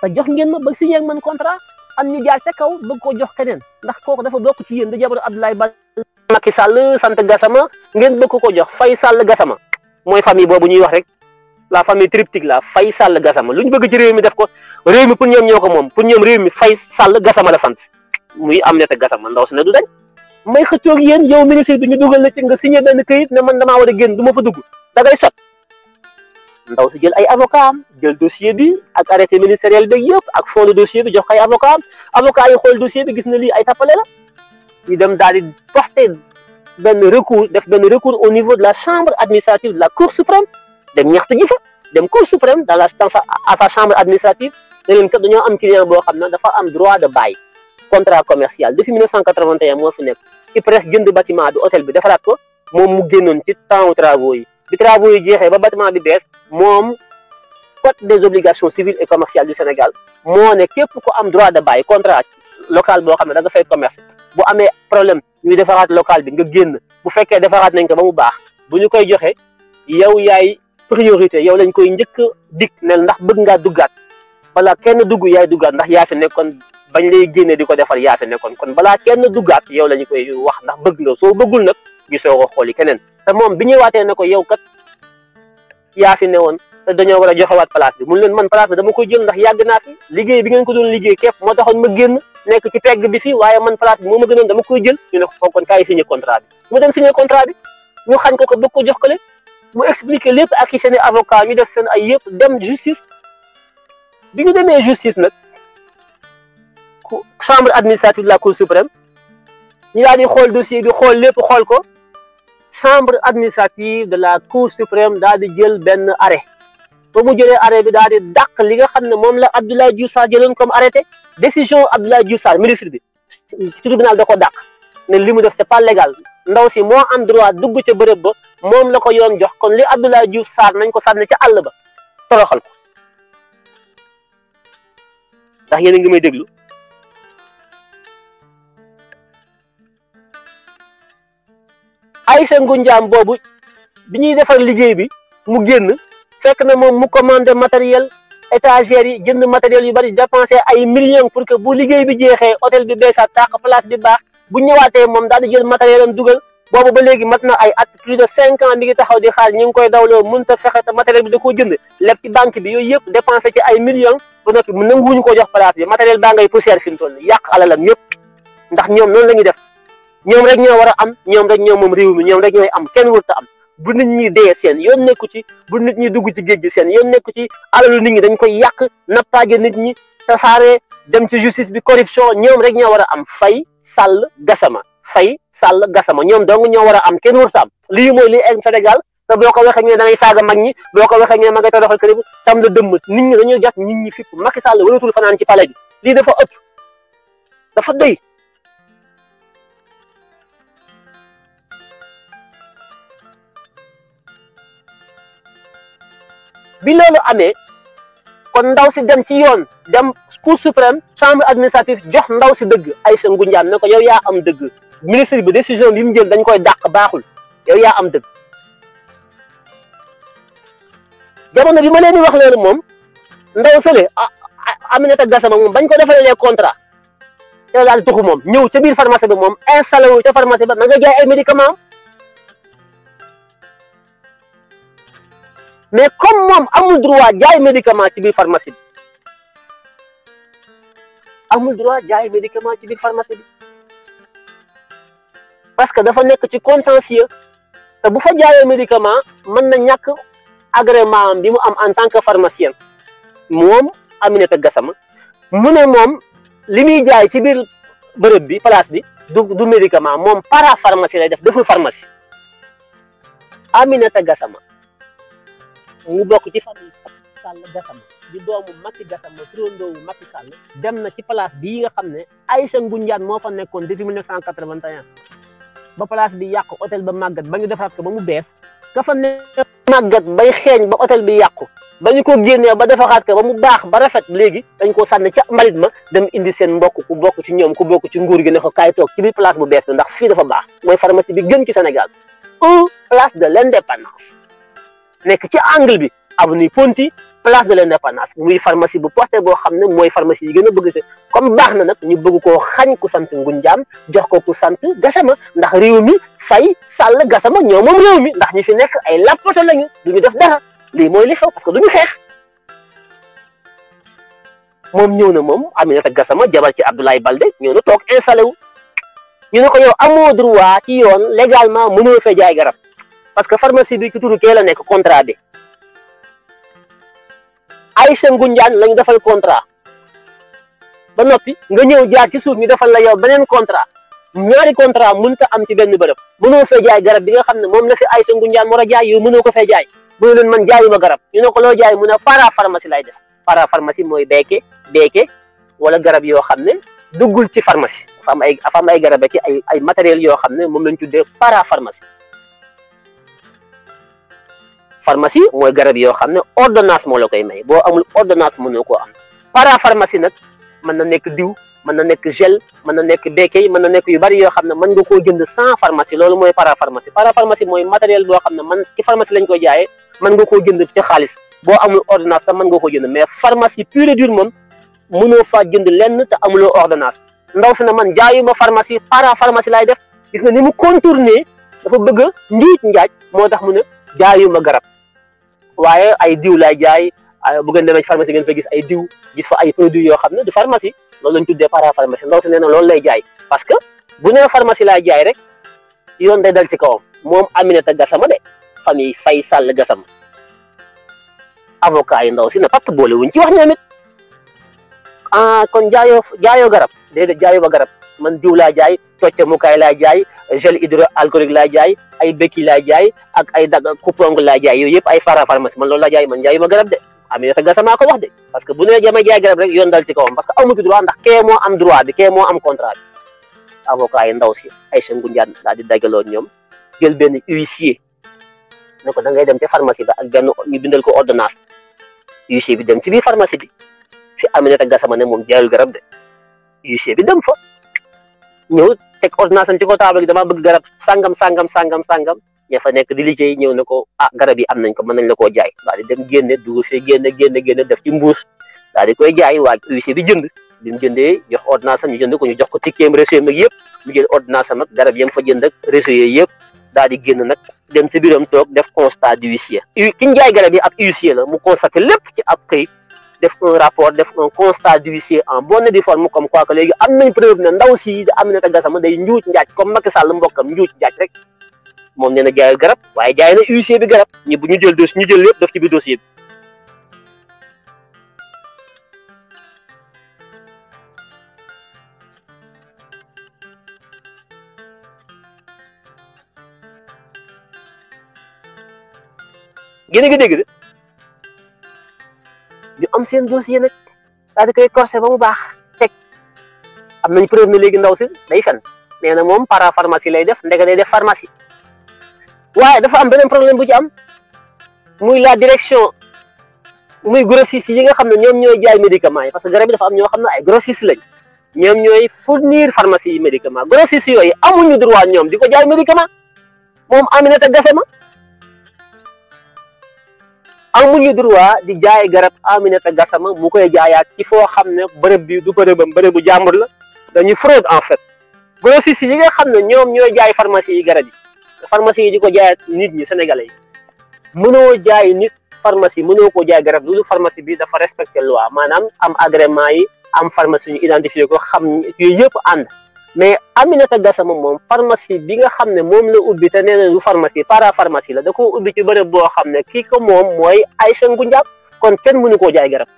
te jox ngeen ma ba si ak man contrat am ñu jaar ca kaw bëgg koo jox keneen ndax kooku dafa bokk ci yéen da jabaru Abdoulaye Ba Macky Sall sant Gassama ngeen bëgg ko jox Faye Sall Gassama mooy famille boobu ñuy wax rek la famille triptyque la Faye Sall Gassama lu ñu bëgg ci réew mi def ko réew mi pour ñoom ñoo ko moom pour ñoom réew mi Faye Sall Gassama la sant am nete Gassama ndaw si ne du may xëccoog yéen yow ministre bi ñu dugal la ci nga signé benn ne man damaa war a génn du ma fa dugg sot ndaw si jël ay avocat jël dossier bi ak arrêté ministériel bi yëpp ak fond de dossier bi jox ko ay avocat am xool dossier bi gis na lii ay tappale la ñu dem daal di porter benn recours def benn recours au niveau de la chambre administrative de la cour suprême dem ñaxtu ji fa dem cour suprême dans la dans sa à chambre administrative dañoo am client boo xam ne dafa am droit de bail contrat commercial depuis 1981 moo fi nekk IPRES jënd bâtiment bi hôtel bi defaraat ko moom mu génnoon ci temps travaux yi bi travaux yi jeexee ba bâtiment bi bees moom code des obligations civiles et commerciales du Sénégal moo ne képp ko am droit de bail contrat local boo xam ne danga nga fay commerce bu amee problème ñuy defaraat local bi nga génn bu fekkee defaraat nañ ko ba mu baax bu ñu koy joxe yow yaay priorité yow lañ koy njëkk a dig ne ndax bëgg ngaa duggaat wala kenn dugg yaay duggaat ndax yaa fi bañ lay génné diko défar yaata né kon kon bala kenn duggaat yow lañ koy wax ndax bëgg nga so bëggul gi so ko xooli keneen te moom bi ñëwaatee ko yow kat yaa fi newoon té dañu wara a joxewaat place bi mu leen man place bi dama koy jël ndax yag na fi liggéey bi ngeen ko doon liggéey képp mo taxon ma génn nek ci pegg bi fi waye man place bi moo ma dama koy jël ñu ne ko kon kay signé contrat bi mu dem signé contrat bi ñu xañ ko ko bëkk ko jox ko le mu expliquer lépp ak ci seen avocat ñu def seen ay yépp dem justice bi ñu demee justice nak chambre administrative de la cour suprême ñu daal xool dossier bi xool lépp xool ko chambre administrative de la cour suprême daal di jël benn arrêt ba mu jëlee arrêt bi daal di dàq li nga xam ne moom la Abdoulaye Diouf Sarr jëloon comme arrêté décision Abdoulaye Diouf Sarr ministre bi tribunal da ko dàq ne li mu def c'est pas légal ndaw si moo am droit dugg ca bërëb ba moom la ko yoon jox kon li Abdoulaye Diouf Sarr nañ ko sànni ca all ba toroxal ko ndax yéen a ngi ay sa ngunjaam boobu bi ñuy defar liggéey bi mu génn fekk na moom mu commandé matériel étagères yi jënd matériel yu bari dépensé ay millions pour que bu liggéey bi jeexee hôtel bi beesaat tàq place bi baax bu ñëwaatee moom daal di jël matériel am dugal boobu ba léegi mat na ay at plus de cinq ans mi ngi taxaw di xaar ñu ngi koy dawloo mën ta fexe te matériel bi da koo jënd lépp ci banque bi yooyu yëpp dépensé ci ay millions ba noppi nanguwuñu ko jox place bi matériel baa ñoom rek ñoo war a am ñoom rek ñoo moom réew mi ñoom rek ñooy am kenn warut a am bu nit ñi dee seen yoon nekku ci bu nit ñi dugg ci géej gi seen yoon nekku ci alalu nit ñi dañ koy yàq nappaaje nit ñi tasaare dem ci justice bi corruption ñoom rek ñoo war a am fay sàll gasama fay sàll gasama ñoom dong ñoo war a am kenn warut am lii mooy lii am Sénégal te boo ko waxee ñu ne da ngay saaga mag ñi boo ko waxee ñu ne ma ngay toroxal kër yi tam la dëmm nit ñi dañoo jàpp nit ñi fipp Macky Sall waratul fanaan ci palais lii dafa dafa doy bi loolu amee kon ndaw si dem ci yoon dem cour suprême chambre administrative jox ndaw si dëgg ay sa ngunjaan ne ko yow yaa am dëgg ministre bi décision yi mu jël dañ koy dàq baaxul yow yaa am dëgg jamono bi ma leen di wax loolu moom ndaw sële ah, ah, Aminata Gassama moom bañ ko defalee les contrats yow daal tuxu moom ñëw ca biir pharmacie bi moom installé wu ca pharmacie bi na nga jaay ay médicaments mais comme mom amul droit jaay médicament ci biir pharmacie bi amul droit jaay médicament ci biir pharmacie bi parce que dafa nek ci contentieux te bu fa jaay médicament man na ñak agrément bi mu am en tant que pharmacien moom ta Gassama mune ne limi jaay ci biir bërëb bi place bi du du médicament para pharmacie lay def deful pharmacie ta Gassama mu bokk ci famille Sall Gassama di doomu Macky Gassama turandoowu Macky Sall dem na ci place bii nga xam ne Aïcha Ngoundiane moo fa nekkoon depuis 1981 ba place bi yàq hôtel ba màggat ba ñu defaraat ko ba mu bees ka fa ne màggat bay xeeñ ba hôtel bi yàqu ba ñu ko génnee ba defaraat ko ba mu baax ba rafet léegi dañ ko sànni ca mbalit ma dem indi seen mbokk ku bokk ci ñoom ku bokk ci nguur gi ne ko kaay toog ci biir place bu bees bi ndax fii dafa baax mooy pharmacie bi gën ci Sénégal un place de l' indépendance nekk ci angle bi avenue Ponty place de l' indépendance muy pharmacie bu porté goo xam ne mooy pharmacie yi gën a bëgg si comme baax na nag ñu bëgg koo xañ ku sant Ngunjaam jox ko ku sant Gassama ndax réew mi say Sall Gassama ñoo moom réew mi ndax ñi fi nekk ay lappato lañu du ñu def dara lii mooy li xew parce que du ñu xeex. moom ñëw na moom Aminata Gassama jabar ci Abdoulaye Balde ñëw na toog installé wu ñu ne ko yow amoo droit ci yoon légalement mënoo fee jaay garab. parce que pharmacie bi ci turu kee la nekk contrat bi Aïcha Ngunjaan lañ defal contrat ba noppi nga ñëw jaar ci suuf ñu defal la yow beneen contrat ñaari contrat mënut a am ci benn bërëb mënoo fee jaay garab bi nga xam ne moom la fi Aïcha Ngunjaan war a jaay yow mënoo ko fee jaay mënu leen man jaayuma garab ñu ne ko loo jaay mu ne para pharmacie lay def para pharmacie mooy beeke beeke wala garab yoo xam ne duggul ci pharmacie dafa am ay dafa am ay garab ak ay ay matériels yoo xam ne moom lañ tuddee para pharmacie pharmacie mooy garab yoo xam ne ordonnance moo la koy may boo amul ordonnance mënoo koo am parapharmacie nag mën na nekk diw mën na nekk gel mën na nekk béykay mën na nekk yu bari yoo xam ne mën nga koo jënd sans pharmacie loolu mooy parapharmacie parapharmacie mooy matériel boo xam ne man ci pharmacie koy jaayee mën nga koo jënd ci xaalis boo amul ordonnance te mën nga koo jënd mais pharmacie pure et dure moom mënoo faa jënd lenn te amuloo ordonnance ndaw si ne man jaayuma pharmacie parapharmacie laay def gis nga ni mu contourner dafa bëgg a njiit moo tax mu ne jaayuma garab waaye ay diw laay jaay ah, bu ngeen demee ci pharmacie ngeen fa gis ay diw gis fa ay produit yoo xam ne du pharmacie loolu lañ tuddee parapharmacie ndaw si ne na loolu lay jaay parce que bu nee pharmacie laay jaay rek yoon day dal ci kawam moom Aminata Gassama de famille fay Sall Gassama avocat yi ndaw si na pat boole wuñ ci wax ñoom it ah, kon jaayoo jaayoo garab de jaayo ba garab man diw laa jaay cocc mukaay laa jaay gel hydroalcoolique laa jaay ay békki laa jaay ak ay dag coupong laa jaay yooyu yëpp ay fara pharmacie man loolu laa jaay man jaayuma garab de Aminata Gassama ko wax de parce que bu nee jama jaay garab rek yoon dal ci kawam parce que am droit bi kee am contrat bi avocat ndaw si ay sëngu njaan daal di daggaloon ñoom jël benn huissier ne ko da dem bi dem ci biir pharmacie bi fi Aminata Gassama ne moom jaayul garab ñëw teg ordonnance am ci ko taabal gi damaa bëgg garab sangam sangam sangam sangam ña fa nekk di liggéey ñëw ne ko ah garab yi am nañ ko mën nañ la koo jaay daal di dem génne dugub si génne génne def ci mbuus daal di koy jaay waa huissier bi jënd bi jëndee jox ordonnance am ñu jënd ko ñu jox ko tikkeem réseau yi mag yëpp mu jël ordonnance am garab yam fa jënd ak réseau yooyu yëpp daal di génn nag dem ci biiram toog def constat d'huissier ki ñu jaay garab yi ab huissier la mu constaté lépp ci ab këyit un rapport def un constat d'huissier en bonne et due forme comme quoi que léegi am nañ preuve ndaw si Aminata day comme Macky Sall mbokam njaaj rek moom nee na garab jaay na huissier bi garab ñi bu jël dossier ñu jël ci dossier am seen dossier nag daal di koy corsé ba mu baax teg am nañ preuve ne léegi ndaw si day fen nee na moom para pharmacie lay def ndege day def pharmacie waaye dafa am beneen problème bu ci am muy la direction muy grossiste yi nga xam ne ñoom ñooy jaay médicament yi parce que garab yi dafa am ñoo xam ne ay grossiste lañ ñoom ñooy fournir pharmacie yi médicament grossiste yooyu amuñu droit ñoom di ko jaay médicament moom Aminata Gassama am amuñu droit di jaay garab Aminata Gassama mu koy jaayaat ci foo xam ne bërëb bi du bërëbam bërëbu jàmbur la dañuy fraude en fait grossistes yi nga xam ne ñoom ñooy jaay pharmacie yi garab yi pharmacie yi di ko jaayaat nit ñi sénégalais yi mënoo jaay nit pharmacie mënoo ko jaay garab lu loolu pharmacie bi dafa respecté loi maanaam am agrément yi am pharmacie ñu identifié ko xam yooyu yëpp ànd mais Aminata gassam mom pharmacie bi nga xamne mom la ubbi te neena du pharmacie para pharmacie la da ko ubbi ci bërëb bo xamne ki ko mom moy aisha ngundiap kon ken mënu ko jaay garab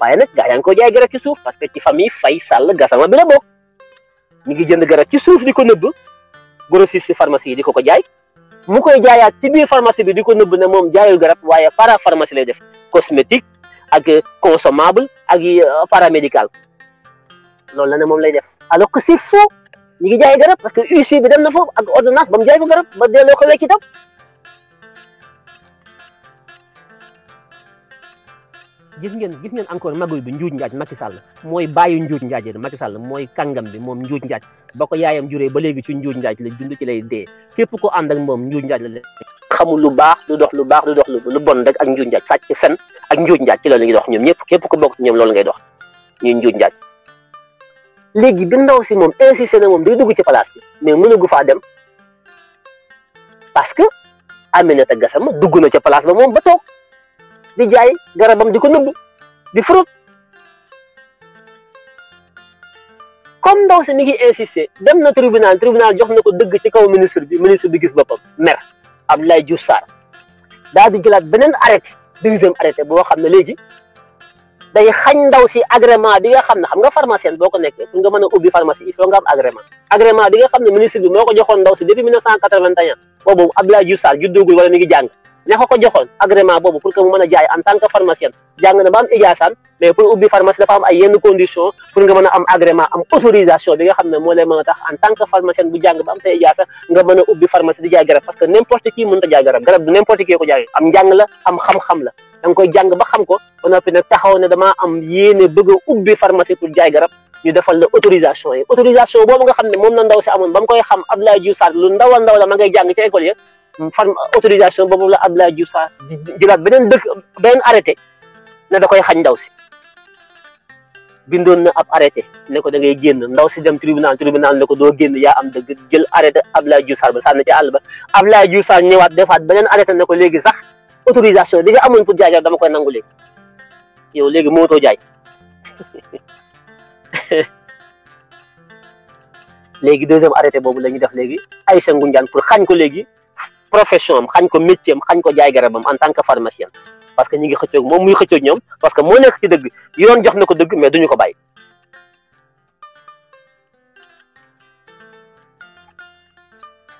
waye nak ga yang ko jaay garab ci souf parce que ci famille Faye Sall Gassama bi la bok ñu ngi jënd garab ci souf diko neub grossiste si pharmacie diko ko ko jaay mu koy jaayaat ci biir pharmacie bi diko neub ne mom jaayul garab waye para pharmacie lay def cosmétique ak consommable ak euh, paramédical lolou la ne mom lay def alors que c'est faux ñu parce que huissier bi dem na foofu ak ordonnance ba mu jaay ko garab ko weccitam gis ngeen gis ngeen encore maguy bi njuuj njaaj Macky Sall mooy bàyyi njuuj njaaj Macky Sall mooy kàngam bi moom njuuj njaaj boo ko yaayam juree ba léegi ci njuuj njaaj la dund ci lay dee képp ko ànd ak moom njuuj njaaj la xamul lu baax lu dox lu baax du dox lu bon rek ak njuuj njaaj sàcc fen ak njuuj njaaj ci loolu la ñuy dox ñoom ñëpp képp ko bokk ñoom loolu ngay dox ñuy njuuj njaaj léegi bi ndaw si moom insisté na moom bi dugg ci place bi mais gu faa dem parce que Aminata Gassama dugg na ca place ba moom ba toog di jaay garabam di ko nëbb di frotte comme ndaw si mi ngi insisté dem na tribunal tribunal jox na ko dëgg ci kaw ministre bi ministre bi gis boppam maire Abdoulaye Diouf Sarr daal di jëlaat beneen arrêté deuxième arrêté boo xam ne léegi. day xañ ndaw si agrément di nga xam ne xam nga pharmacien boo ko pour nga mën a ubbi pharmacie il faut nga am agrément agrément di nga xam ne ministre bi moo ko joxoon ndaw si depuis 1981 boobu Abdoulaye Diouf Sarr juddoogul wala mi ngi jàng ña ko ko joxoon agrément boobu pour que mu mën a jaay en tan que pharmacien jàng na ba am ijaasaan mais pour ubbi pharmacie dafa am ay yenn condition pour nga mën a am agrément am autorisation bi nga xam ne moo lay mën a tax en tant que pharmacien bu jàng ba am sa ijaasa nga mën a ubbi pharmacie di ko jaay xam ko ba noppi nag taxaw ne am yéene bëgg a ubbi pharmacie pour jaay garab ñu defal la autorisation yi autorisation boobu nga xam ne moom la ndaw si amoon ba mu koy xam Abdoulaye Diouf Sarr lu ndaw a ndaw la ma ngay jàng ci école ya forme autorisation boobu la Abdoulaye Diouf Sarr di jëlaat beneen dëkk beneen arrêté ne da koy xañ ndaw si bindoon na ab arrêté ne ko da ngay génn ndaw si dem tribunal tribunal ne ko doo génn yaa am dëgg jël arrêté Abdoulaye Diouf Sarr ba sànni ci àll ba Abdoulaye Diouf Sarr ñëwaat defaat beneen arrêté ne ko léegi sax autorisation bi nga amoon pour jaay dama koy nangu léegi léegi mootoo jaay léegi deuxième arrêté boobu lañu def léegi Aïcha Ngoundiane pour xañ ko léegi profession am xañ ko métier am xañ ko jaay garab garabam en tant que pharmacien parce que ñu ngi xëccoog moom muy xëccoog ñoom parce que moo nekk ci dëgg yoon jox na ko dëgg mais duñu ko bàyyi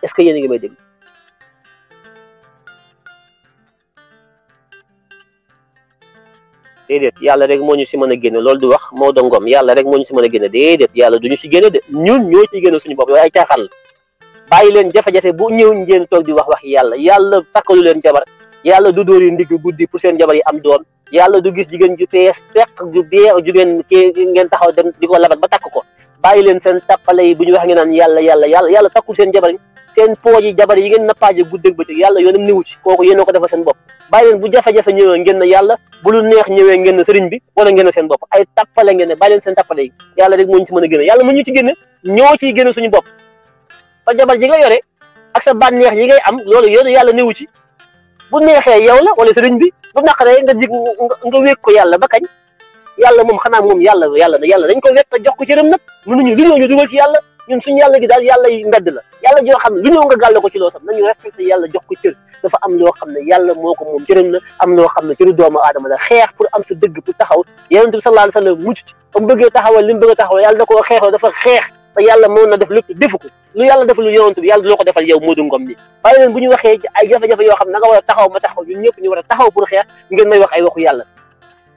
est-ce que yéen yi ngi may dégg déedéet yàlla rek moo ñu si mën a génne loolu di wax moo dongom yàlla rek moo ñu si mën a génne déedéet yàlla duñu si génne de ñun ñoo ci génne suñu bopp yooyu ay caaxaan bàyyi leen jafé jafe bu ñew ngeen tok di wax wax yalla yalla takkalu leen jabar yalla du doori ndig guddi pour seen jabar yi am doon yalla du gis jigéen ju fess tek ju beer ju ngeen ngeen taxaw dem di labat ba tak ko bàyyi leen seen tappale yi bu ñu wax ngeen naan yalla yalla yalla yalla takkul seen jabar seen pooj yi jabar yi ngeen nappaaje guddeeg bëccëg yalla yonam niwu ci koku yeen ko defal seen bop bàyyi leen bu jafé jafé ñew ngeen na yalla bu lu neex ñewé ngeen na sëriñ bi wala ngeen na seen bop ay tappale ngeen ne seen tappale yi rek moñ ci mëna a yalla yàlla ñu ci génne ñoo ci suñu bop ba jabar ji nga yore ak sa bànneex am loolu yoonu yàlla newu ci bu neexee yow la wala sëriñ bi bu naqaree nga jig nga wékk ko yàlla ba kañ yàlla moom xanaa moom yàlla yàlla yàlla dañ ko wet jox ko cëram nag mënuñu lu ñëw ñu dugal ci yàlla ñun suñu yàlla gi daal yàlla yi mbedd la yàlla xam ne lu ñëw nga gàll ko ci loo sam nañu respecté yàlla jox ko cër dafa am loo xam ne yàlla moo ko moom cëram la am loo xam ne cëru doomu aadama la xeex pour am sa dëgg pour taxaw yonent bi sallallahu alayhi wa a taxawal da koo xeexoo te yàlla mën na def lu defu ko lu yàlla def lu yonent bi yàlla loo ko defal yow Modou Ngom mi bàyyi leen bu ñu waxee ay jafe-jafe yoo xam na a war a taxaw ma taxaw ñun ñëpp ñu war a taxaw pour xeex ngeen may wax ay waxu yàlla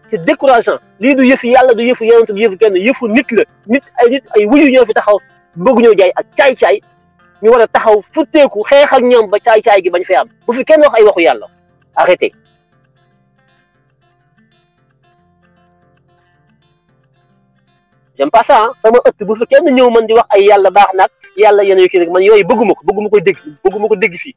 c'est décourageant lii du yëfu yàlla du yëfu yonent du yëfu kenn yëfu nit la nit ay nit ay wuyu ñoo fi taxaw bëgg ñoo jaay ak caay-caay ñu war a taxaw futteeku xeex ak ñoom ba caay-caay gi bañ fee am bu fi kenn wax ay waxu yàlla arrêté j'aime pas ça ah sama ëtt bu fi kenn ñëw man di wax ay yàlla baax nag yàlla yéen yu kii rek man yooyu bëgguma ko bëgguma ko dégg bëgguma ko dégg fii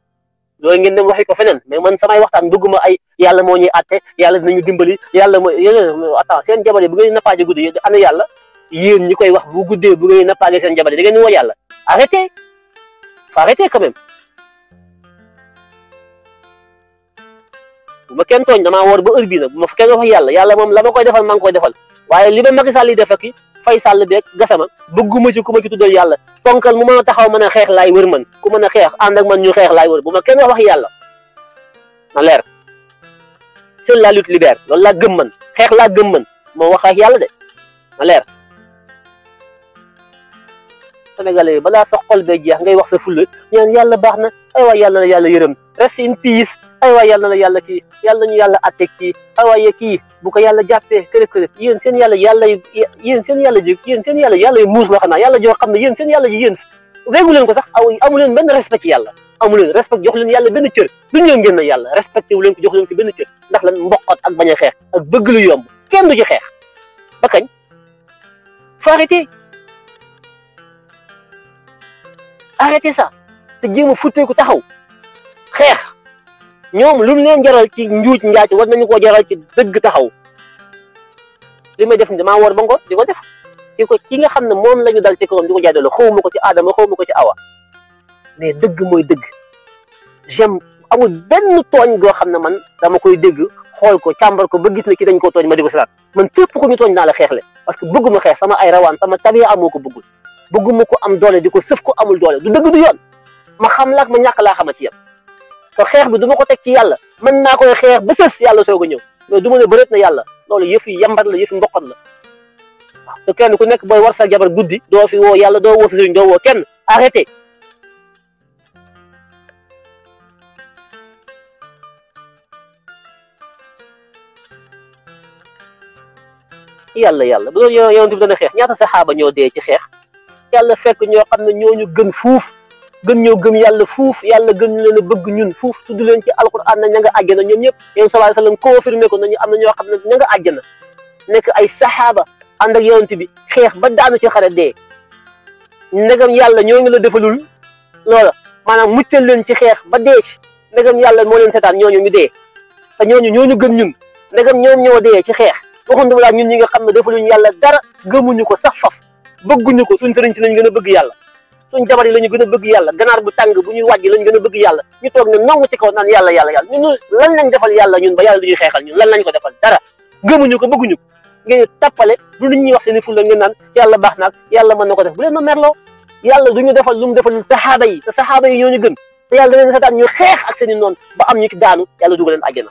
loolu ngeen dem waxi ko feneen mais man samay waxtaan bëgguma ay yàlla moo ñuy àtte yàlla dinañu dimbali yàlla mooy yéen attends seen jabar yi bu ngeen nappaaje guddi ana yàlla yéen ñi koy wax bu guddee bu ngeen nappaaje seen jabar yi da ngeen woo yàlla arrêtez faut arrêter quand même bu ma kenn tooñ damaa woor ba heure bu ma kenn wax yàlla yàlla moom la ma koy defal maa ngi koy defal waaye li ba Macky Sall yi def ak Faye Sall beeg Gassama bëgguma ci ku ma ci tuddal yàlla ponkal mu mën a taxaw mën a xeex laay wër man ku mën a xeex ànd ak man ñu xeex laay wër bu ma kenn wax yàlla na leer seule la lutte libère loolu laa gëm man xeex laa gëm man moo wax ak yàlla de na leer balaa sa xol bee jeex ngay wax sa fulla ñaan yàlla baax na ay waay yàlla na yàlla yërëm reste in peace ay waay yàlla la yàlla kii yàlla ñu yàlla atte kii ay waay kii bu ko yàlla jàppee kërëb kërëb yéen seen yàlla yàlla yéen seen yàlla ji yéen seen yàlla yàlla yu muus la xanaa yàlla joo xam yéen seen yàlla ji yéen réegu leen ko sax amu leen benn respect ci yàlla amu leen respect jox leen yàlla benn cër duñu leen génn yàlla respect wu leen ko jox leen ko benn cër ndax lan mboqot ak bañ a xeex ak bëgg lu yomb kenn du ci xeex ba kañ faut arrêter arrêter ça te jéem a futteeku taxaw xeex ñoom lu mu leen jaral ci njuuj njaaj war nañu koo jaral ci dëgg taxaw li may def ni war ba ngoon di ko def di ko ki nga xam ne moom la ñu dal ci kawam di ko jaadale xaw ma ko ci aadama xaw ma ko ci awa mais dëgg mooy dëgg j'aime amul benn tooñ goo xam ne man dama koy dégg xool ko càmbar ko ba gis na ki dañ ko tooñ ma di ko salaat man képp ko ñu tooñ naa la xeexle parce que bëgguma xeex sama ay rawaan sama tabiya amoo ko bëggul bëgguma ko am doole di ko sëf ko amul doole du dëgg du yoon ma xam laak ma ñàkk laa xama ci yam te xeex bi du ma ko teg ci yàlla mën naa koy xeex ba sës yàlla soog ko ñëw mais du ma ne bëreet na yàlla loolu yëf yambat la yëf yi la waaw kenn ku nekk booy war sa jabar guddi doo fi woo yàlla doo woo fi sëriñ doo woo kenn arrêté yàlla yàlla bu doon yonent bi doon xeex ñaata saxaaba ñoo dee ci xeex yàlla fekk ñoo xam ne ñooñu gën fuuf gën ñoo gëm yàlla fuuf yàlla gën leen a bëgg ñun fuuf tudd leen ci alquran na ña nga àjjana ñoom ñëpp yéen sallallahu alayhi wasallam confirmé ko nañu am na ñoo xam ne ña nga àjjana nekk ay saxaaba ànd ak yonent bi xeex ba daanu ci xare dee ndegam yàlla ñoo ngi la defalul loola maanaam muccal leen ci xeex ba dee ci ndegam yàlla moo leen seetaan ñooñu ñu dee te ñooñu ñooñu gën ñun ndegam ñoom ñoo dee ci xeex waxuñu laa ñun ñi nga xam ne defaluñu yàlla dara gëmuñu ko sax faf bëgguñu ko suñ sëriñ si nañ gën a bëgg yàlla suñ jabar yi la ñu gën a bëgg yàlla ganaar bu tàng bu ñu wàjji la ñu gën a bëgg yàlla ñu toog ne nangu ci kaw naan yàlla yàlla yàlla ñun lan lañ defal yàlla ñun ba yàlla du ñuy xeexal ñun lan lañ ko defal dara ko bëgguñu ko tappale du lu ñuy wax seeni fulla ngeen naan yàlla baax naag yàlla mën na ko def bu leen ma merloo yàlla du ñu defal lu mu defal defalul saxaaba yi te saxaaba yi ñoo ñu gën te yàlla da leen seetaan ñu xeex ak seeni noonu ba am ñu ki daanu yàlla dugaleen àjjana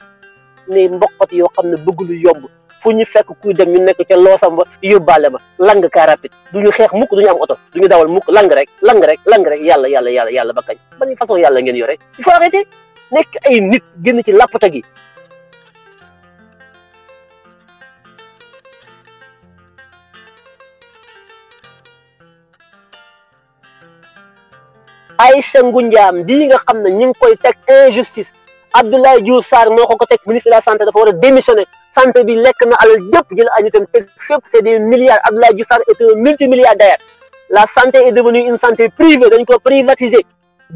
ne mbokkat yoo xam ne bëgg lu yomb fu ñu fekk kuy dem ñu nekk ca loosam ba yóbbaale ma lang car rapide du ñu xeex mukk du ñu am oto du ñu dawal mukk lang rek lang rek lang rek yàlla yàlla yàlla yàlla ba kañ ñu façon yàlla ngeen yore il faut arrêter nekk ay nit génn ci lappata gi ay sangu njaam bii nga xam ne ñu koy teg injustice Abdoulaye Diouf Sarr moo ko ko teg ministre de la santé dafa war a démissionner santé bi lekk na alal jëpp jël ay nitam teg fépp c' est des milliards Abdoulaye Diouf Sarr est un multimilliardaire la santé est devenue une santé privée dañ ko privatiser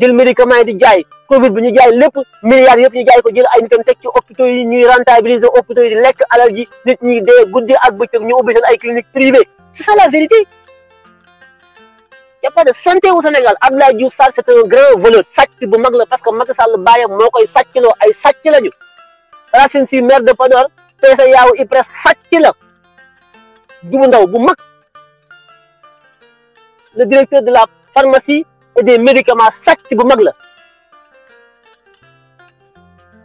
jël médicaments yi di jaay Covid bi ñu jaay lépp milliards yëpp ñu jaay ko jël ay nitam teg ci hôpitaux yi ñuy rentabiliser hôpitaux yi di lekk alal ji nit ñi dee guddi ak bëccëg ñu ubbi seen ay cliniques privées c' est ça la vérité. y' a pas de santé au Sénégal Abdoulaye Diouf Sarr c'est un grand voleur sàcc bu magla parce que Macky Sall baye mo koy lo ay sàcc lañu Racine Sy maire de Podor Yaw i presse sàcc la Doudou Ndaw bu mag le directeur de la pharmacie et des médicaments sàcc bu magla.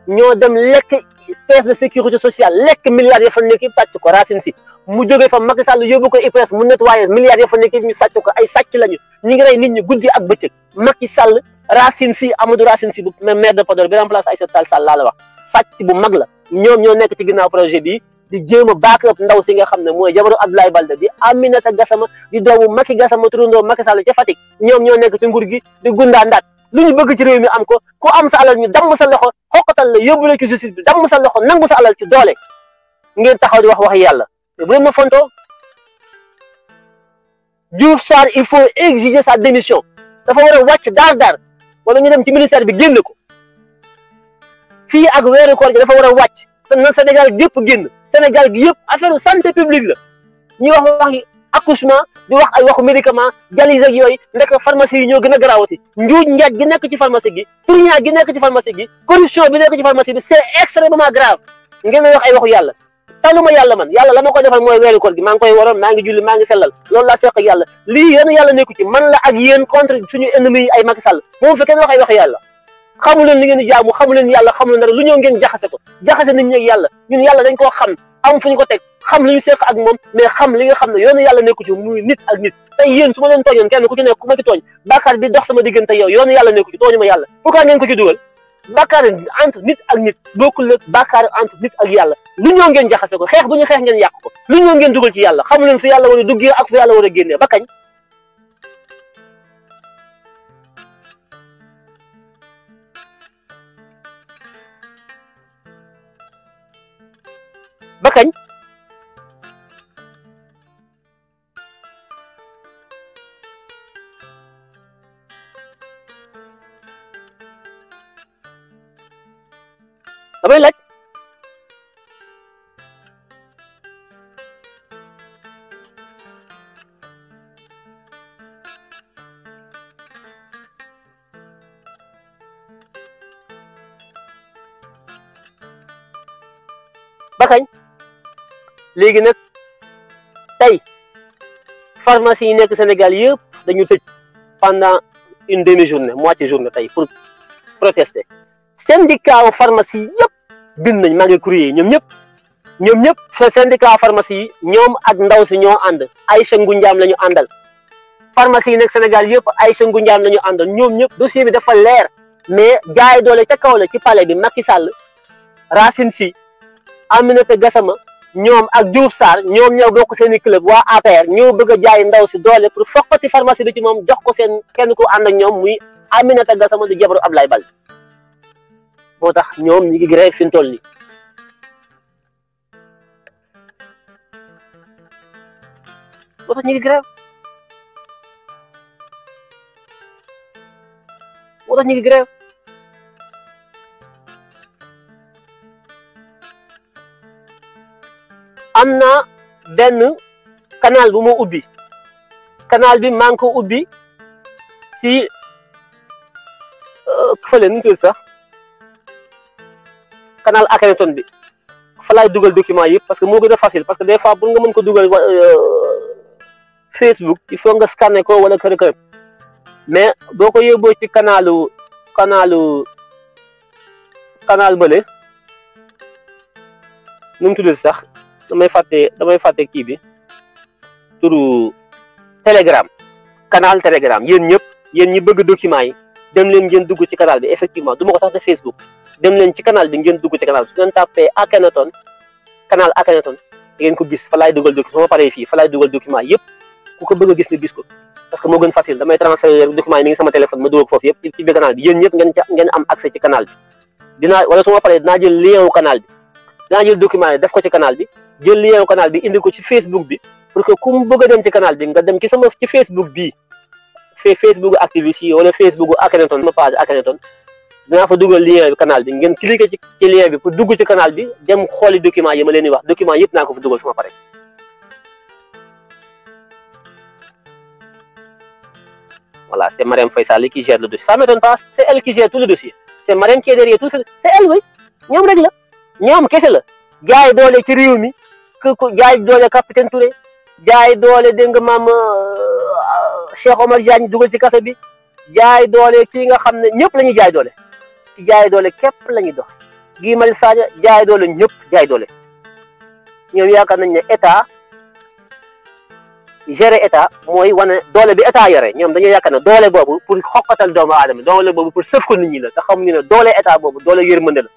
Ño dem lek caisse de sécurité sociale lek milliards ya fa nekk sàcc ko Racine Sy mu jógee fa Macky Sall yóbbu ko IPRES mu nettoyé milliards ya fa nekk ñu sàcc ko ay sàcc lañu ñu ngi rey nit ñi guddi ak bëccëg Macky Sall Racine Sy Amadou Racine Sy bu maire de Podor bi remplace Aïssata Tall Sall laa la wax sàcc bu mag la ñoom ñoo nekk ci ginnaaw projet bi di jéem a baak ndaw si nga xam ne mooy jabaru Abdoulaye Balde di Aminata Gassama di doomu Macky Gassama turandoo Macky Sall ca Fatick ñoom ñoo nekk ci nguur gi di gundaa am ko am sa alal ñu damm sa loxo xoqatal la yóbbu la ci justice doole ngeen taxaw di wax wax yàlla Vraiment, Fonto, Diouf il faut exiger sa démission dafa war a wàcc dar daar wala ñu dem ci ministère bi génn ko fii ak wéru koor gi dafa wara wacc wàcc na Sénégal gépp génn Sénégal gi yépp affaire santé publique la ñi wax wax accouchement di wax ay waxu médicament dialyse ak yooyu ndek pharmacie yi ñoo gën a garaawati njuuj njaaj gi nekk ci pharmacie gi tourniat gi nekk ci pharmacie gi corruption bi nekk ci pharmacie bi c'est extrêmement grave ngeen wax ay waxu yàlla taluma yàlla man yàlla lama ko defal moy wéru ko gi mang koy woron maa julli maa selal lolou la sekk yàlla li yéen yàlla neeku ci man la ak yéen contre suñu ennemi ay Macky Sall mo fi kenn waxay wax yàlla xamu leen li ngeen di jaamu xamu leen yàlla xamu leen dara lu ñëw ngeen jaxase ko jaxase nit ñi ak yàlla ñun yàlla dañ ko xam am fuñ ko tek xam li ñu seq ak mom mais xam li nga xam ne yoonu yàlla neeku ci muy nit ak nit tay yéen suma ma toñ tooñoon kenn ku ci neeku ku ma ci toñ bakkar bi dox sama diggante yow yoonu yàlla neeku ci toñuma yalla yàlla pourquoi ngeen ko ci duggal bàkkaar entre nit ak nit bokul la bàkkaar entre nit ak yàlla lu ñoo ngeen jaxase ko xex buñu xex ngeen yàq ko lu ñoo ngeen duggal ci yàlla xamu leen fi yàlla war duggé ak fi yàlla war génné génnee ba Apa like? Bakañ léegi nag tey pharmacie yi nekk Sénégal yépp dañu tëj pendant une demi journée moitié journée tay pour protester syndicat pharmacie bind nañ maa ngi yi ñoom ñëpp ñoom ñëpp fa syndicat pharmacie yi ñoom ak ndaw si ñoo ànd Aïcha Ngunjaam la ñu àndal pharmacie yi nekk Sénégal yëpp Aïcha Ngunjaam la ñu àndal ñoom ñëpp dossier bi dafa leer mais jaay doole ca kaw la ci pale bi Macky Sall Racine Sy Aminata Gassama ñoom ak Diouf Sarr ñoom ñoo bokk seen i club waa APR ñoo bëgg a jaay ndaw si doole pour fokkati pharmacie bi ci moom jox ko seen kenn ku ànd ak ñoom muy Aminata Gassama di jabaru Ablaye Bal moo tax ñoom ñi ngi grève fi mu toll nii moo tax ñi am na benn canal bu ma ubbi canal bi maa ngi ko ubbi ci euh, nu mu tudd kanaal Akhenaton bi fa dugal document yëpp parce que moo gën a facile parce que des fois pour nga mën ko dugal euh, Facebook il faut nga scanner ko wala kër kër mais boo ko yóbboo ci canalu canalu canal bële nu mu tudd sax damay fàtte damay fàtte kii bi turu Telegram canal Telegram yéen ñëpp yéen ñi bëgg document yi dem leen ngeen dugg ci canal bi effectivement duma ma ko sax def Facebook dem leen ci kanal bi ngeen dugg ci canal su ngeen tàppee ngeen ko gis fa laay dugal document yëpp ku ko bëgg gis nga gis ko parce que moo gën facile damay transférer document yi mi ngi sama téléphone ma dugal foofu yëpp ci biir bi yéen ñëpp ngeen ngeen am accès ci canal bi dinaa wala su paree dinaa jël lien wu bi dinaa jël document yi def ko ci canal bi jël lien wu bi indi ko ci Facebook bi pour que ku mu dem ci canal bi nga dem ci sama ci Facebook bii Facebook activiste yi wala dinaa fa dugal lien bi canal bi ngeen cliquer ci ci bi pour dugg ci canal bi dem xooli document yi ma leen di wax document yëpp naa ko fa dugal su ma pare voilà c'est Mariam Faye Sall qui gère le dossier ça m'étonne pas c'est elle qui gère tout le dossier c'est Mariam qui est derrière tout c'est elle way ñoom rek la ñoom kese la jaay doole ci réew mi ku jaay doole capitaine Touré jaay doole dégg nga maam euh, Cheikh Omar Diagne dugal ci kaso bi jaay doole kii nga xam ne ñëpp la ñuy jaay doole ci jaay doole képp la ñuy dox Guy Marius Sagna jaay doole ñëpp jaay doole ñoom yaakaar nañ ne état gérer état mooy wane doole bi état yore ñoom dañoo yaakaar ne doole boobu pour xokkatal doomu aadama doole boobu pour sëf ko nit ñi la te xamuñu ne doole état boobu doole yërmande la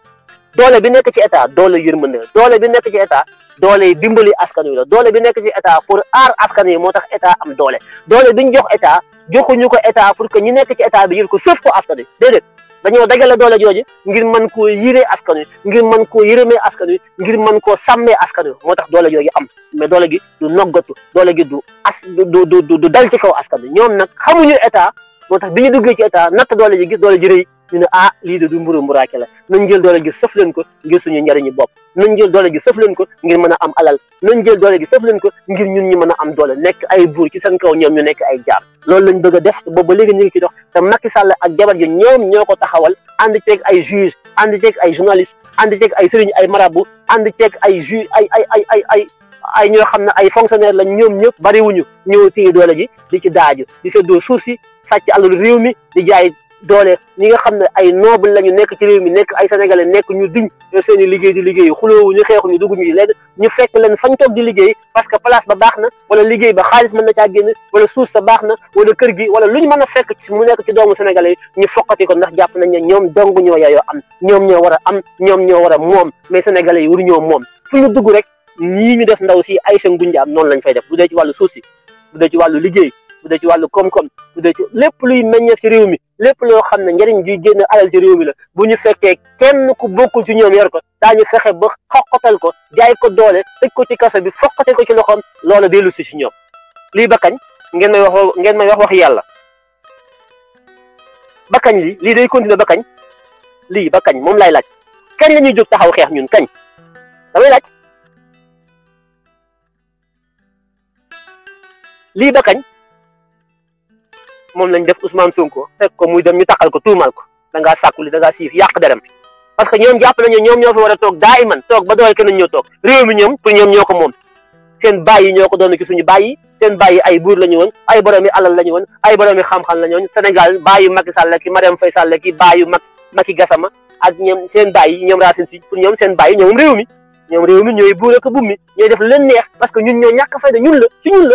doole bi nekk ci état doole yërmande la doole bi nekk ci état doole dimbali askan wi la doole bi nekk ci état pour aar askan wi moo tax état am doole doole bi ñu jox état joxuñu ko état pour que ñu nekk ci état bi jël ko sëf ko askan wi déedéet dañoo dajale doole jooju ngir mën koo yiree askan wi ngir mën koo yërëmee askan wi ngir mën koo sàmmee askan wi moo tax doole jooju am mais doole gi du noggatu doole gi du as du du du dal ci kaw askan wi ñoom nag xamuñu état moo tax bi ñu duggee ci état natt doole ji gis doole ji rëy ñu ne ah lii de du mburu mburaake la nañ jël doole gi sëf leen ko ngir suñu njariñu bopp nañ jël doole gi sëf leen ko ngir mën a am alal nañ jël doole gi sëf leen ko ngir ñun ñu mën a am doole nekk ay buur ci seen kaw ñoom ñu nekk ay jaam lool lañ bëgg a def boobu ba léegi ñu ngi ci dox te Macky Sall ak jabar ji ñoom ñoo ko taxawal ànd ceeg ay juge ànd ceek ay journaliste ànd ceeg ay sëriñ ay marabu ànd ceeg ay ju ay ay ay ay ay ay ñoo xam ne ay fonctionnaire lañ ñoom ñëpp bariwuñu ñëw téye doole ji di ci daaju di seddoo suuf si sàcc alalu réew mi di jaay doole ñi nga xam ne ay noble lañu nekk ci réew mi nekk ay sénégalais nekk ñu diñ ñoo seen i liggéey di liggéey wu ñu xeexu ñu dugg ñu leen ñu fekk leen fañ toog di liggéey parce que place ba baax na wala liggéey ba xaalis mën na caa génn wala suuf sa baax na wala kër gi wala lu ñu mën a fekk ci mu nekk ci doomu senegale yi ñu fokkati ko ndax jàpp nañ ne ñoom dong ñoo yayoo am ñoom ñoo war a am ñoom ñoo war a moom mais sénégalais yi waruñoo moom fu ñu dugg rek ñii ñu def ndaw si ay sa ngunjaam noonu lañ fay def bu dee ci wàllu suuf si bu ci wàllu liggéey ci wàllu koom-koom bu dee ci lépp réew mi lépp lo xamne ne ju juy génn alal ci rewmi la bu ñu fekkee kenn ku bokkul ci ñoom yar ko dañu fexe ba xoxotal ko jaay ko doole tëj ko ci kaso bi foqate ko ci loxom loolu delu ci ñoom li bakañ ngeen may wax ngeen may wax wax yàlla bakañ li li day continuer bakañ li bakañ mom lay laaj kañ lañu jóg taxaw xex ñun kañ damay laaj lii ba kañ moom lañ def Ousmane Sonko fekk ko muy dem ñu taxal ko tuumal ko da ngaa sàkkuli da siif yàq deram parce que ñoom jàpp nañu ñoom ñoo fi war a toog daa toog ba dool keneen ñoo toog réew mi ñoom la ñu woon ay boroomi alal la ñu la ñu woon Sénégal réew mi ñooy buur ak bum mi ñooy def leen neex parce que ñun ñoo ñàkk fayda ñun la ci ñun la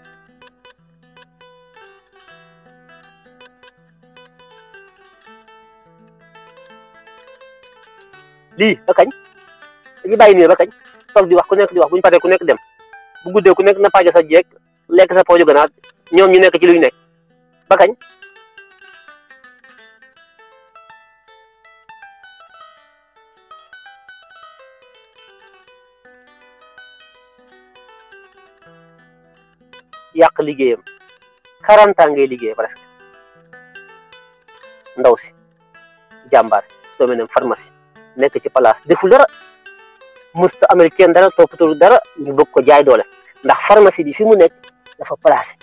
li ba kañ dañuy bàyyi nii ba kañ toog di wax ku nekk di wax bu paré ku nekk dem bu guddé ku nekk na paaja sa jek lek sa pooju ganaar ñom ñu nekk ci lu ñu nekk ba kañ yàq liggéeyam quarante ans ngay liggéey presque ndaw si jàmbaar doo pharmacie nekk ci place deful dara mësta amal kenn dara toppatul dara ñu bëgg ko jaay doole ndax pharmacie bi fi mu nekk dafa placé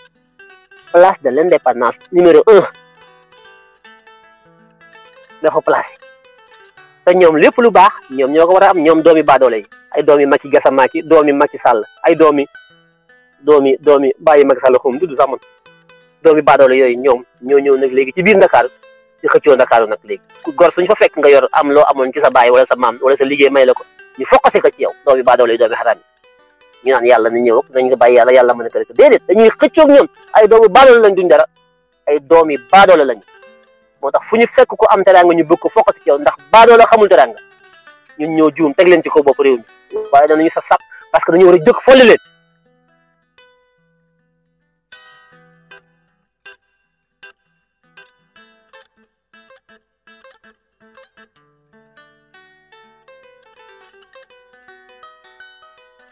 place de l'indépendance numéro un dafa placé te ñoom lépp lu baax ñoom ñoo ko war a am ñoom doomi baadoole yi ay doomi Macky Gassamaaki doomi Macky Sall ay doomi doomi doomi bàyyi Macky Sall xum dudd sax man doomi baadoole yooyu ñoom ñoo ñëw nag léegi ci biir Ndakaaru di xëccoo Ndakaaru nag léegi gor suñu fa fekk nga yor am loo amoon ci sa baay wala sa maam wala sa liggéey may la ko ñu fokkase ko ci yow doomi baadoolo yi doomi xaraam yi ñu naan yàlla na a ko rek déedéet dañuy duñ dara ay doomi baadoolo lañ moo tax fu ñu fekk ko am teranga ñu bëgg ko fokkase ci yow ndax baadoolo xamul teranga ñun ñoo juum teg leen ci kaw bopp réew mi waaye danañu saf sàpp parce que dañu war a jóg folli leen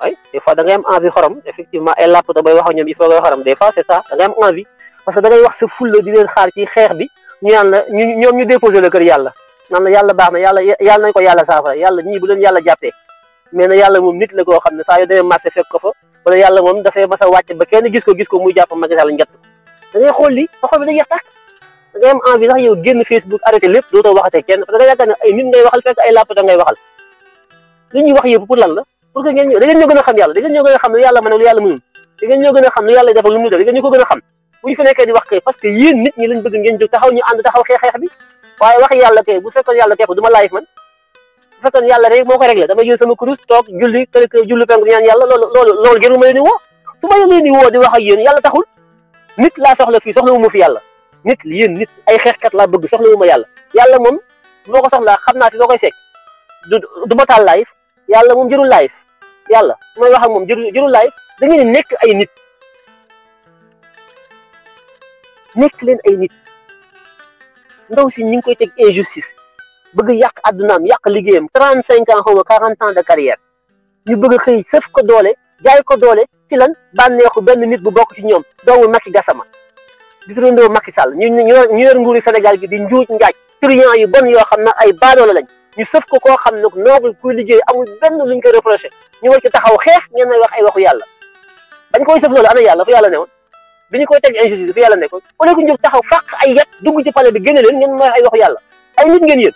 ay des fois da ngay am envie xorom effectivement ay làpp da bay wax ñoom il faut ngay xorom des fois c' est ça da ngay am envie parce que da ngay wax sa fulla di leen xaar ci xeex bi ñu naan la ñu ñoom ñu déposé la kër yàlla naan la yàlla baax na yàlla yàlla nañ ko yàlla saafara yàlla ñii bu leen yàlla jàppee mais na yàlla moom nit la koo xam ne saa yoo demee marché fekk ko fa wala yàlla moom dafay mas a wàcc ba kenn gis ko gis ko muy jàpp Macky Sall njett da ngay xool li sa xol bi day yeex tàkk da ngay am envie sax yow génn Facebook arrêté lépp dootoo waxatee kenn parce que da nga yaakaar ne ay nit ngay waxal fekk ay làpp da ngay waxal li ñuy wax yëpp pour lan la pour que ngeen ñëw da ngeen ñoo gën a xam yàlla da ngeen ñoo gën a xam lu yàlla mën ak lu yàlla mënul da ngeen ñoo gën a xam lu yàlla def ak lu mu def da ngeen ñu ko gën a xam bu ñu fa nekkee di wax kay parce que yéen nit ñi lañ bëgg ngeen jóg taxaw ñu ànd taxaw xeex xeex bi waaye wax yàlla kay bu fekkoon yàlla kay du ma laayif man bu fekkoon yàlla rek moo ko réglé dama jël sama kurus toog julli kër kër julli penku ñaan yàlla loolu loolu loolu gënu ma leen di woo su ma leen di woo di wax ak yéen yàlla taxul nit laa soxla fii soxla wu ma fi yàlla nit yéen nit ay xeexkat laa bëgg soxla wu ma yàlla yàlla moom boo ko soxlaa xam naa fi boo koy fekk du ma taal laayif yàlla moom jërul laayif yàlla mooy wax ak moom jëru jëru laay da ngeen nekk ay nit nekk leen ay nit ndaw si ñu ngi koy teg injustice bëgg yàq addunaam yàq liggéeyam trente cinq ans xaw quarante ans de carrière ñu bëgg xëy sëf ko doole jaay ko doole ci lan bànneexu benn nit bu bokk ci ñoom doomu Macky Gassama di turandoo Macky Sall ñu ñu yor nguuru Sénégal bi di njuuj njaaj truand yu bon yoo xam na ay baadoolo lañ ñu sëf ko koo xam ne noble kuy liggéey amul benn luñ ko reproché ñu war ci taxaw xeex ngeen na wax ay waxu yàlla bañ koy sëf loolu ana yàlla fu yàlla newoon bi ñu koy teg injustice fu yàlla nekkoon au lieu que ñu taxaw fàq ay yat dugg ci palais bi génne leen ngeen may ay waxu yàlla ay nit ngeen yéen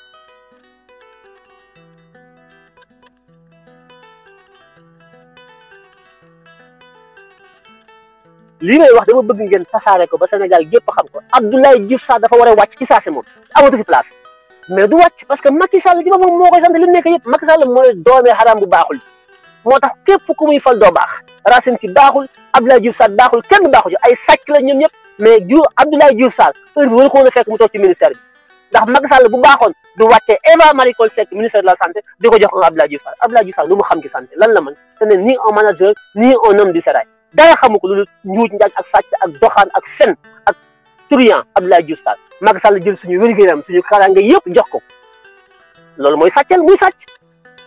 lii may wax dama bëgg ngeen tasaare ko ba Sénégal gépp xam ko Abdoulaye Diouf Sarr dafa war a wàcc ci saase moom amatu fi place mais du wàcc parce que Macky Sall ci boppam moo koy sant li nekk yëpp Macky Sall mooy doomee xaraam bu baaxul moo tax képp ku muy fal doo baax Racine Sy baaxul Abdoulaye Diouf Sarr baaxul kenn baaxul ay sàcc la ñoom ñëpp mais ju Abdoulaye Diouf Sarr heure bi waru ko woon a fekk mu toog ci ministère bi ndax Macky Sall bu baaxoon du wàccee Eva Marie Coll Seck ministère de la santé di ko jox Abdoulaye Diouf Sarr Abdoulaye Diouf Sarr lu mu xam ci santé lan la mën te ne ni un manager ni un homme du sérail ak sàcc ak doxaan ak fen truand Abdoulaye Diouf Sall Macky Sall jël suñu wér suñu kaaraange yépp jox ko loolu moy sàccal muy sàcc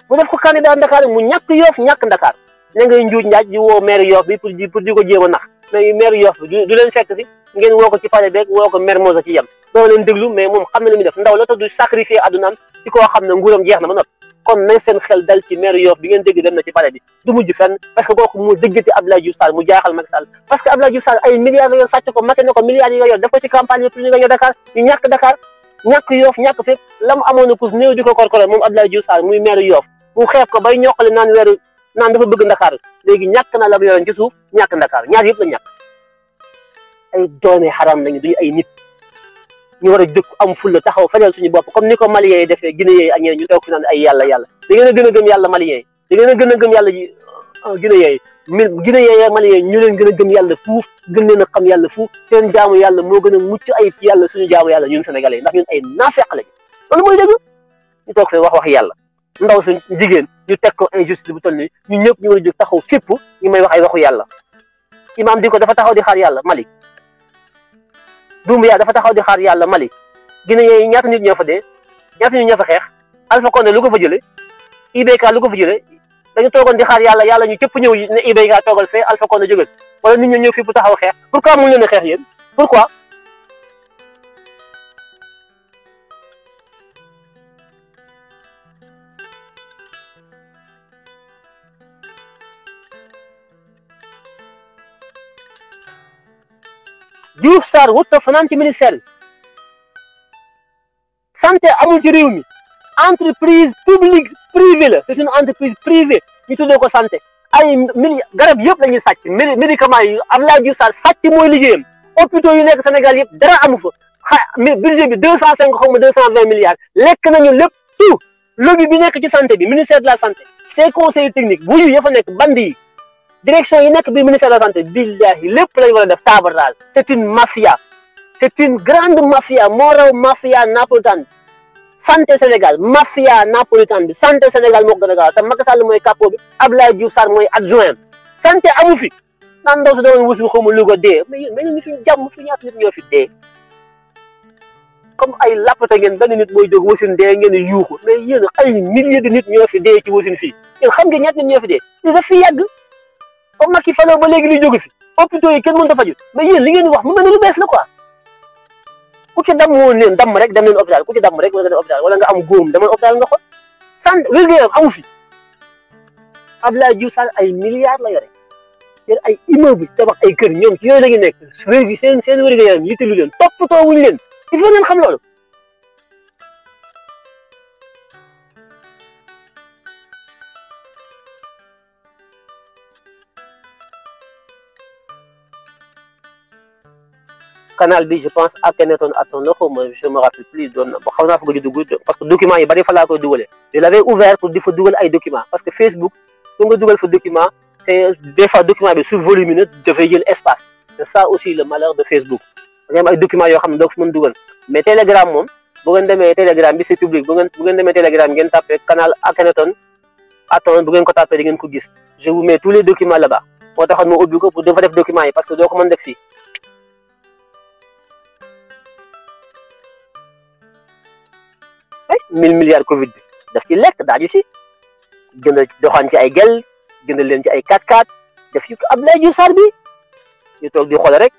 mu def ko candidat Dakar mu ñak yof ñak Dakar ne ngay njuuj ñaj di wo maire yof bi pour di pour di ko jéem nax mais maire yof bi du leen fekk ci ngeen wo ko ci palé beeg wo ko maire moza ci yam do leen déglu mais mom xamna limi def ndaw la te du sacrifier addunaam ci ko xamna nguuram jeex na ma noppi kon nañ seen xel dal ci maire Yoff bi ngeen dégg dem na ci palais bi du mujj fenn parce que kooku mu déggati Abdoulaye Diouf Sall mu jaaxal Macky Sall parce que Abdoulaye Diouf Sall ay moom Abdoulaye Diouf Sall muy maire Yoff mu xeeb ko bay ñoqale naan weeru naan dafa bëgg Dakar léegi ñàkk na la yoroon ci suuf ñàkk Dakar ñaar yëpp la ñàkk ay doome xaram lañu duñu ay nit ñu war a jóg am fulla taxaw fajal suñu bopp comme ni ko maliens yi defee guinéens yi ak ñeneen ñu toog fi naan ay yàlla yàlla da ngeen a gën a gëm yàlla maliens yi da ngeen a gën a ah, gën yàlla fuuf gën leen a xam yàlla fuuf seen jaamu yàlla moo gën a mucc ayib yàlla suñu jaamu yàlla ñu sénégalais ndax ñun ay naafeq lañu loolu mooy dëgg ñu toog fi wax wax yàlla ndaw suñ jigéen ñu teg ko injustice bu toll ni ñu ñëpp ñu war a jóg taxaw fépp ñu may wax ay waxu yàlla imaam di ko dafa taxaw di xaar yàlla malik Doumbouya dafa taxaw di xaar yàlla Mali Guinée yooyu ñaata nit ñoo fa dee ñaata nit ñoo fa xeex Alpha Condé lu ko fa jële IBK lu ko fa jële dañu togon di xaar yàlla yàlla ñu cëpp ñëw ne IBK togal fe Alpha Condé jógal wala nit ñu ñëw fi bu taxaw xex pourquoi mu leen a xeex yéen pourquoi Diouf sar wut a fanaan ci ministère bi santé amul ci réew mi entreprise publique privée la c'est une entreprise privée ñu tuddee ko santé ay mili garab yëpp la ñuy sàcc médicaments yi Abdoulaye Diouf Sarr sàcc mooy liggéeyam hôpitaux yu nekk senegal yëpp dara amu fa xa budget bi deux cent cinq xaw ma deux vingt milliards lekk nañu lépp tout lobby bi nekk ci sante bi ministère la santé ses conseillers techniques bu yu ya fa nekk band yi direction yi nekk bi ministère de la santé billahi lépp lay war def tabarage c'est une mafia c'est une grande mafia moo raw mafia napolitaine santé Sénégal mafia napolitaine bi santé Sénégal moo ko gën gaaw te Macky Sall mooy capot bi Abdoulaye Diouf Sarr mooy adjoint santé amu fi naan ndaw si doon wusul xawma Louga dee mais yéen mais fi jàmm fi ñaata nit ñoo fi dee comme ay lappate ngeen benn nit mooy jóg wasin dee ngeen yuuxu mais yéen ay milliers de nit ñoo fi fi dee dafa fi yàgg ba Macky faloo ba léegi luy jóge fi hôpitaux yi kenn mënut a faju mais yéen li ngeen di wax mu mel ni lu bees la quoi ku ci damm woon leen damm rek dem leen hôpital ku ci damm rek wala nga dem wala nga am góom demal hôpital nga xool sant wér-gu-yaram amu fi Abdoulaye Diouf Sall ay milliards la yore yor ay immeuble tabax ay kër ñoom ci yooyu la ñu nekk wér seen seen wér-gu-yaram yittelu leen toppatoo wuñ leen il xam loolu. canal bi je pense ak Keneton Atondo xaw je me rappelle plus Donc, na xaw naa fa parce que document yi bari faire laa koy je l'avais ouvert pour di fa dugal ay documents parce que Facebook su nga dugal fa document c'est des fois document de su volumineux dafay jël espace c'est ça aussi le malheur de Facebook da ngay am ay document yoo xam ne ko mais Telegram moom bu ngeen demee Telegram bi c'est public bu ngeen bu ngeen demee Telegram ngeen tapé canal ak Keneton Atondo bu ngeen ko tapé di ngeen ko gis je vous mets tous les documents là-bas moo taxoon ma ubbi ko pour dafa def documents yi parce que doo ko def fay 1000 milliards Covid bi daf ci lek daaju ci jënd doxan ci ay gel jëndal leen ci ay 4-4 def yu Abdoulaye Diouf sar bi ñu tok di xol rek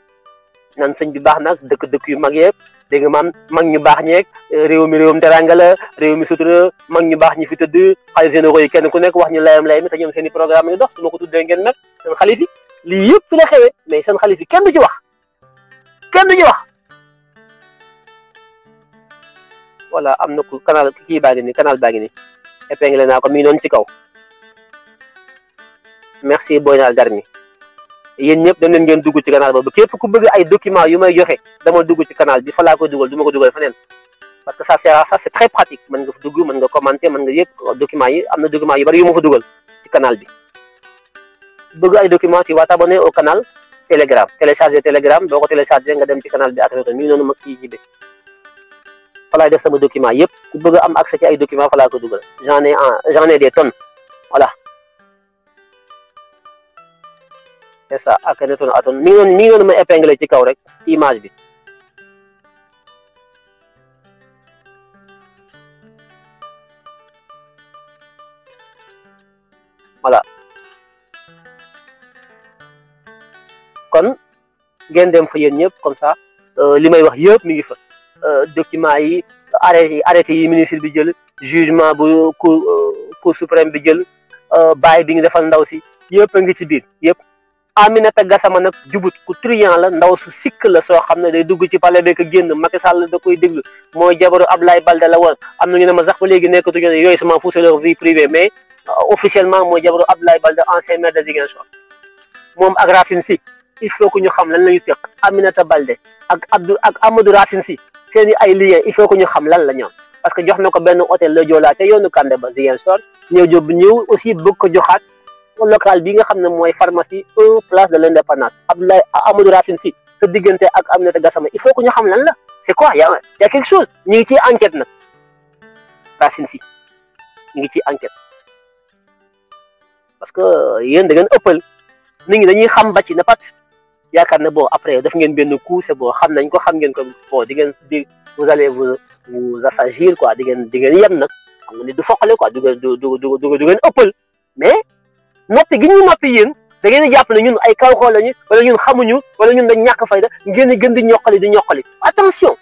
nan señ bi baax nag dekk dëkk yu mag yeb de nga man mag ñu bax ñek rew mi réewum teranga la rew mi sutura mag ñu bax ñi fi tëdd xalif seen ko yi kenn ku nekk wax ñu layam lay mi te ñom seen programme ngi dox su moko ko ngeen nak seen khalifi li yépp fi la xewé mais seen khalifi kenn du ci wax kenn du ci wax voilà am na ku canal kii baa ngi nii canal baa ngi nii épinglé naa ko mi ngi noonu ci kaw merci Boynaal Darmi yéen ñëpp dem leen ngeen dugg ci canal boobu képp ku bëgg ay documents yu may joxe dama dugg ci canal bi fa laa koy dugal du ma ko dugal feneen parce que sa c'est ça c'est très pratique mën nga fa dugg mën nga commenter mën nga yëpp documents yi am na documents yu bari yu ma fa dugal ci canal bi bëgg ay documents tu vas t'abonner au canal Telegram télécharger Telegram boo ko télécharger nga dem ci canal bi fa laay def sama document yëpp ku bëgg am accès ay document fa laa ko dugal j'en ai en j'en ai des tonnes voilà c'est ça ak netoon mi ngi doon ma épinglé ci kaw rek image bi voilà kon ngeen dem fa yéen ñëpp comme ça euh, li wax yëpp mi ngi fa documents yi arrêté arrêté yi ministre bi jël jugement bu cour euh, cour suprême bi jël euh, baay bi ñu defal ndaw si yëpp a ngi ci biir yëpp Aminata Gassama nag jubut ku truand la ndaw su sikk la soo xam ne day dugg ci palais beeg génn Macky Sall da koy déglu mooy jabaru Ablaye Balde la woon am na ñu ne ma sax ba léegi tu ne yooyu sama foussé leur vie privée mais euh, officiellement mooy jabaru Ablaye Balde ancien maire de Ziguinchor moom ak Racine si il faut ñu xam lan la ñu teq Aminata Balde ak Abdou ak Amadou Racine Sy seen i ay liens il faut que ñu xam lan la ñoom parce que jox na ko benn hôtel la jola te yoonu Kande ba Ziguinchor ñëw jób ñëw aussi bëgg ko joxaat local bi nga xam ne mooy pharmacie un place de l' indépendance Abdoulaye Amadou Racine si sa diggante ak Aminata Gassama il faut que ñu xam lan la c' est quoi y' a y' a quelque chose ñu ngi ciy enquête nag Racine si ñu ngi ciy enquête parce que yéen da ngeen ëppal nit ñi dañuy xam ba ci na pat yaakaar ne bon après def ngeen benn coup c'est bon xam nañ ko xam ngeen ko bon di ngeen di vous allez vous vous assagir quoi di ngeen di ngeen yem nag xam nga ni du foqale quoi du ngeen du du du du ngeen ëppal mais noppi gi ñu noppi yéen da ngeen jàpp ne ñun ay kaw xool lañu wala ñun xamuñu wala ñun dañ ñàkk fayda ngeen di gën di ñoqali di ñoqali attention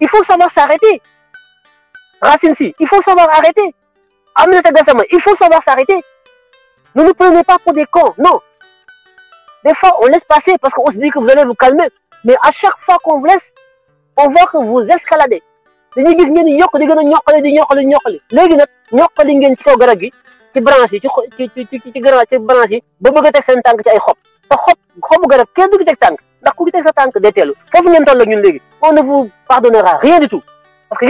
il faut savoir s'arrêter Racine si il faut savoir arrêter Aminata Gassama il faut savoir s'arrêter ne nous prenez pas pour des cons non des fois, on laisse passer parce qu'on se dit que vous allez vous calmer. Mais à chaque fois qu'on vous laisse, on voit que vous escaladez. on ne vous pardonnera rien du tout parce que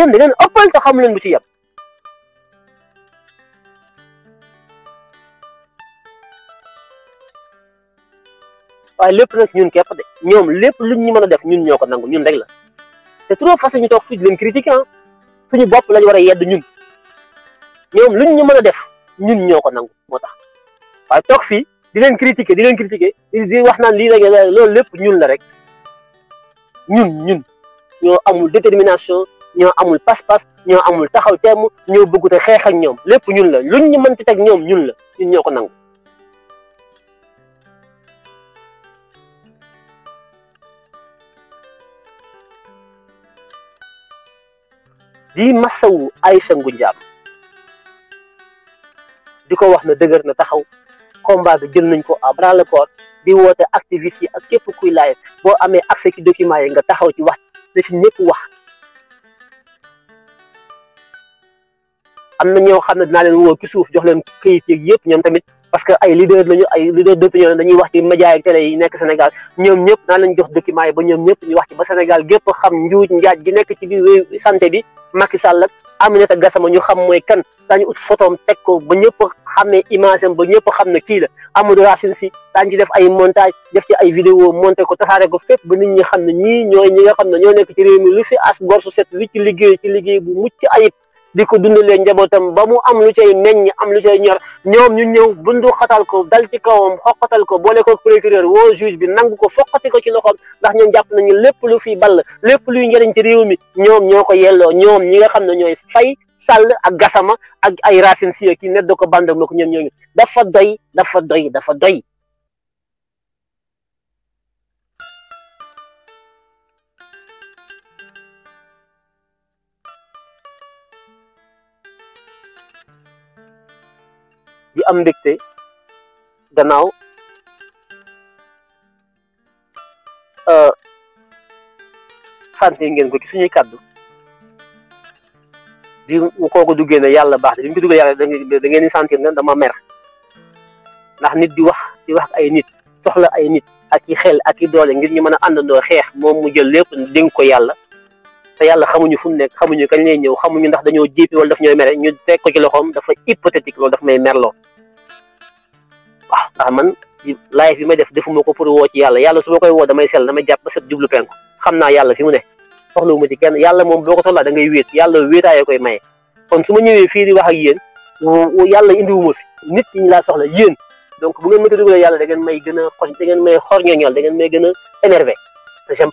waye lepp nak ñun képp de ñom lepp luñ ñu mëna def ñun ñoko nangul ñun rek la té trop façon ñu tok fi di leen critiquer ah. suñu bop lañ wara yedd ñun ñom luñ ñu mëna def ñun ñoko nangul motax waye tok fi di leen critiquer di leen critiquer di wax naan li rek lool lepp ñun la rek ñun ñun ñoo amul détermination ñoo amul pass pass ñoo amul taxaw tém ñoo bëggu té xéx ak ñom lepp ñun la luñ ñu mënti tek ñom ñun la ñun ñoko nangul di massawu Aïcha Ngu Njaam di ko wax na dëgër na taxaw combat jël nañ ko à bras le corps di woote activiste yi ak képp kuy laaj boo amee accès ci document yi nga taxaw ci wax na ci ñëpp wax am na ñoo xam ne dinaa leen woo ci suuf jox leen këyit yeeg yëpp ñoom tamit parce que ay leader lañu ay leader d'opinion dañuy wax ci média ak télé yi nekk Sénégal ñoom ñëpp naa leen jox document yi ba ñoom ñëpp ñu wax ci ba Sénégal gépp xam njuuj njaaj gi nekk ci biir santé bi Macky Sall ak Aminata Gassama ñu xam mooy kan daañu ut photom teg ko ba ñëpp xamee image am ba ñëpp xam ne kii la Amadou Racine si daañu ci def ay montage def ci ay vidéo monté ko tasaare ko fépp ba nit ñi xam ne ñii ñooy ñi nga xam ne ñoo nekk ci réew mi lu fi as gor su lu ci liggéey ci liggéey bu mucc ayib di ko leen njabootam ba mu am lu cay meññ am lu cay ñor ñoom ñu ñëw bundu xatal ko dal ci kawam xoqatal ko boole ko procureur woo juge bi nangu ko foqati ko ci loxoom ndax ñoom jàpp nañu lépp lu fi ball lépp luy njëriñ ci réew mi ñoom ñoo ko yelloo ñoom ñi nga xam ne ñooy fay sàll ak gasama ak ay racine si kii net da ko bandam ko ñoom ñooñu dafa doy dafa doy dafa doy di am mbégte gannaaw euh, sante ngeen ko ci suñuy kàddu di kooku duggee ne yàlla baax di bi mu ko duggee yàlla da ngeen di sentir ne dama mer ndax nit di wax di wax ay nit soxla ay nit ak i xel ak i doole ngir ñu mën a àndandoo xeex moom mu jël lépp dénk ko yàlla te yàlla xamuñu fu mu nekk xamuñu kañ lay ñëw xamuñu ndax dañoo jéppi wala daf ñooy mere ñu teg ko ci loxoom dafa hypothétique loolu daf may merloo waaw ndax man live bi ma def defuma ko pour woo ci yàlla yàlla su ma koy woo damay sell damay jàpp ba set jublu penku xam naa yàlla fi mu ne soxlawu ma ci kenn yàlla moom boo ko soxlaa da ngay wéet yàlla wéetaayoo koy maye kon su ma ñëwee fii di wax ak yéen yàlla indiwuma fi nit ñi laa soxla yéen donc bu ngeen ma ko yàlla da ngeen may gën a xoñ da ngeen may xor ñoñal da ngeen may a énervé te j'aime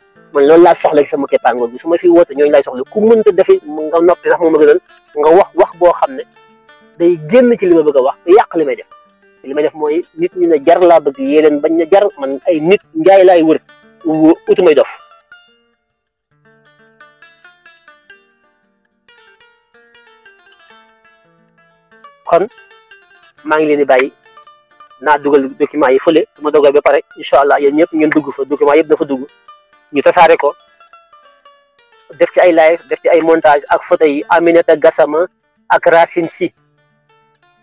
man loolu laa soxla sama képpaangoor bi su ma fi woote ñooñu laay soxla ku mënta defi nga noppi sax moom a gënal nga wax wax boo xam ne day génn ci li ma bëgg a wax te yàq li may def li may def mooy nit ñu ne jar laa bëgg yee leen bañ na jar man ay nit njaay laay wër utu may dof kon maa ngi leen di bàyyi naa dugal document yi fële su ma dogal ba pare incha allah yéen ñëpp ngeen dugg fa document yëpp dafa dugg ñu tasaare ko def ci ay live def ci ay montage ak photo yi Aminata Gassama ak Racine si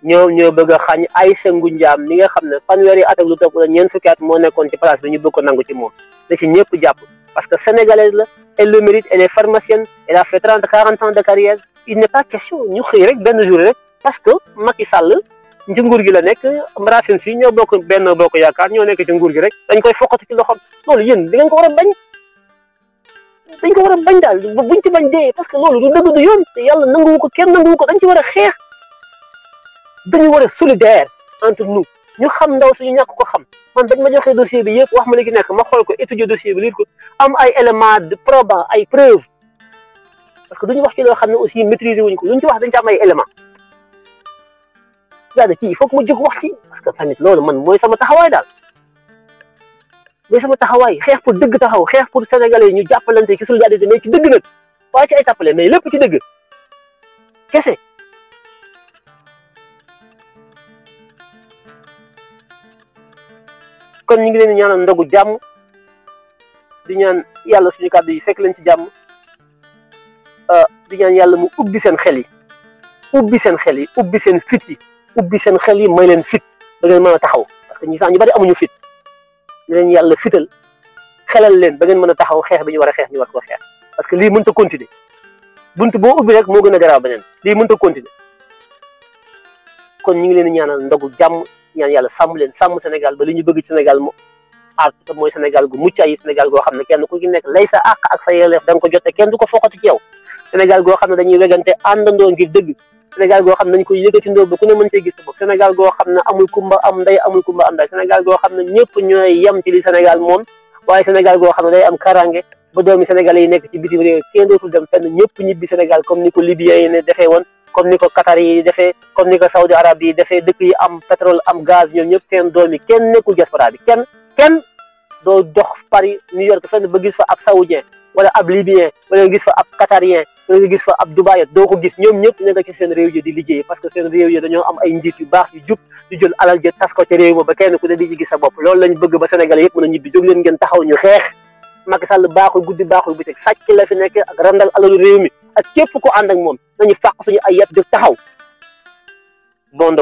ñoo ñoo bëgg a xañ Aïcha Ngunjaam mi nga xamne fan wéri at ak lu topp la ñeent fukki at moo nekkoon ci place bi ñu bëgg ko nangu ci moom da ci ñepp japp parce que sénégalaise la elle le mérite elle est pharmacienne elle a fait 30 40 ans de carrière il n'est pas question ñu xey rek ben jour rek parce que Macky Sall ci nguur gi la nek Racine Sy ñoo bokk ben bokk yaakaar ñoo nek ci nguur gi rek dañ koy fokkati ci loxam lolu yeen di nga ko wara bañ dañ ko war a bañ daal buñ ci bañ dee parce que loolu du dëgg du yoon te yàlla nanguwu ko kenn nanguwu ko dañ ci war a xeex dañu war a solidaire entre ñu xam ndaw ñu ñàkk ko xam man dañ ma joxee dossier bi yëpp wax ma léegi nekk ma xool ko étudier dossier bi liir ko am ay éléments de probant ay preuve parce que duñu wax ci loo xam ne aussi maîtriser wuñ ko luñ ci wax dañ ci am ay éléments daal de kii il faut que wax ci parce que tamit loolu man mooy sama taxawaay daal mais sama taxaway xex pour deug taxaw xex pour sénégalais ñu jàppalante ci solidarité mais ci deug nag pas ci ay tapalé mais lepp ci deug kessé kon ñu ngi leen ñaanal ndogu jamm di ñaan yalla suñu kaddu yi fekk leen ci euh di ñaan yalla mu ubbi seen xel yi ubbi seen xel yi ubbi seen fit yi ubbi seen xel yi may leen fit da ngeen mëna taxaw parce que ñi sax ñu bari amuñu fit leen yàlla fital xelal leen ba ngeen mën a taxaw xeex bi ñu war a xeex ñu war koo xeex parce que lii mënut a continuer buntu boo ubbi rek moo gën a garaaw beneen lii mënut a continuer kon ñu ngi leen ñaanal ndogu jàmm ñaan yàlla sàmm leen sàmm senegal ba li ñu bëgg ci Sénégal mu aar mooy Sénégal gu mucc ayib Sénégal goo xam ne kenn ku ci nekk lay sa àq ak sa yelleef da ko jote kenn du ko foqati ci yow Sénégal goo xam ne dañuy wegante àndandoo ngir dëgg Sénégal goo xam ne nañ ko yëkkati ndóor ba ku ne mën cee gis sa Sénégal goo xam ne amul kumba am ndey amul kumba am ndey Sénégal xam ne ñëpp ñooy yem ci li Sénégal moom waaye Sénégal goo xam ne day am karange ba doomi Sénégalais yi nekk ci bitim réew kenn dootul dem fenn ñëpp ñibbi Sénégal comme ni ko Libyen yi ne defee woon comme ni ko Qatar yi defee comme ni ko Saudi Arabie yi defee dëkk yi am pétrole am gaz ñoom ñëpp seen doom yi kenn nekkul diaspora bi kenn kenn doo dox Paris New York ne ba gis fa ab saoudien wala ab libyen wala nga gis fa ab qatarien wala nga gis fa ab dubaï doo ko gis ñoom ñëpp ña nga ci seen réew yi di liggéey parce que seen réew yi dañoo am ay njiit yu baax yu jub yu jël alal ja tas ko ca réew ma ba kenn ku ne di ci gis sa bopp loolu lañ bëgg ba sénégalais yëpp mën a ñibbi jóg leen ngeen taxaw ñu xeex Macky Sall baaxul guddi baaxul bëccëg sàcc la fi nekk ak randal alalu réew mi ak képp ko ànd ak moom nañu fàq suñu ay yat di taxaw bon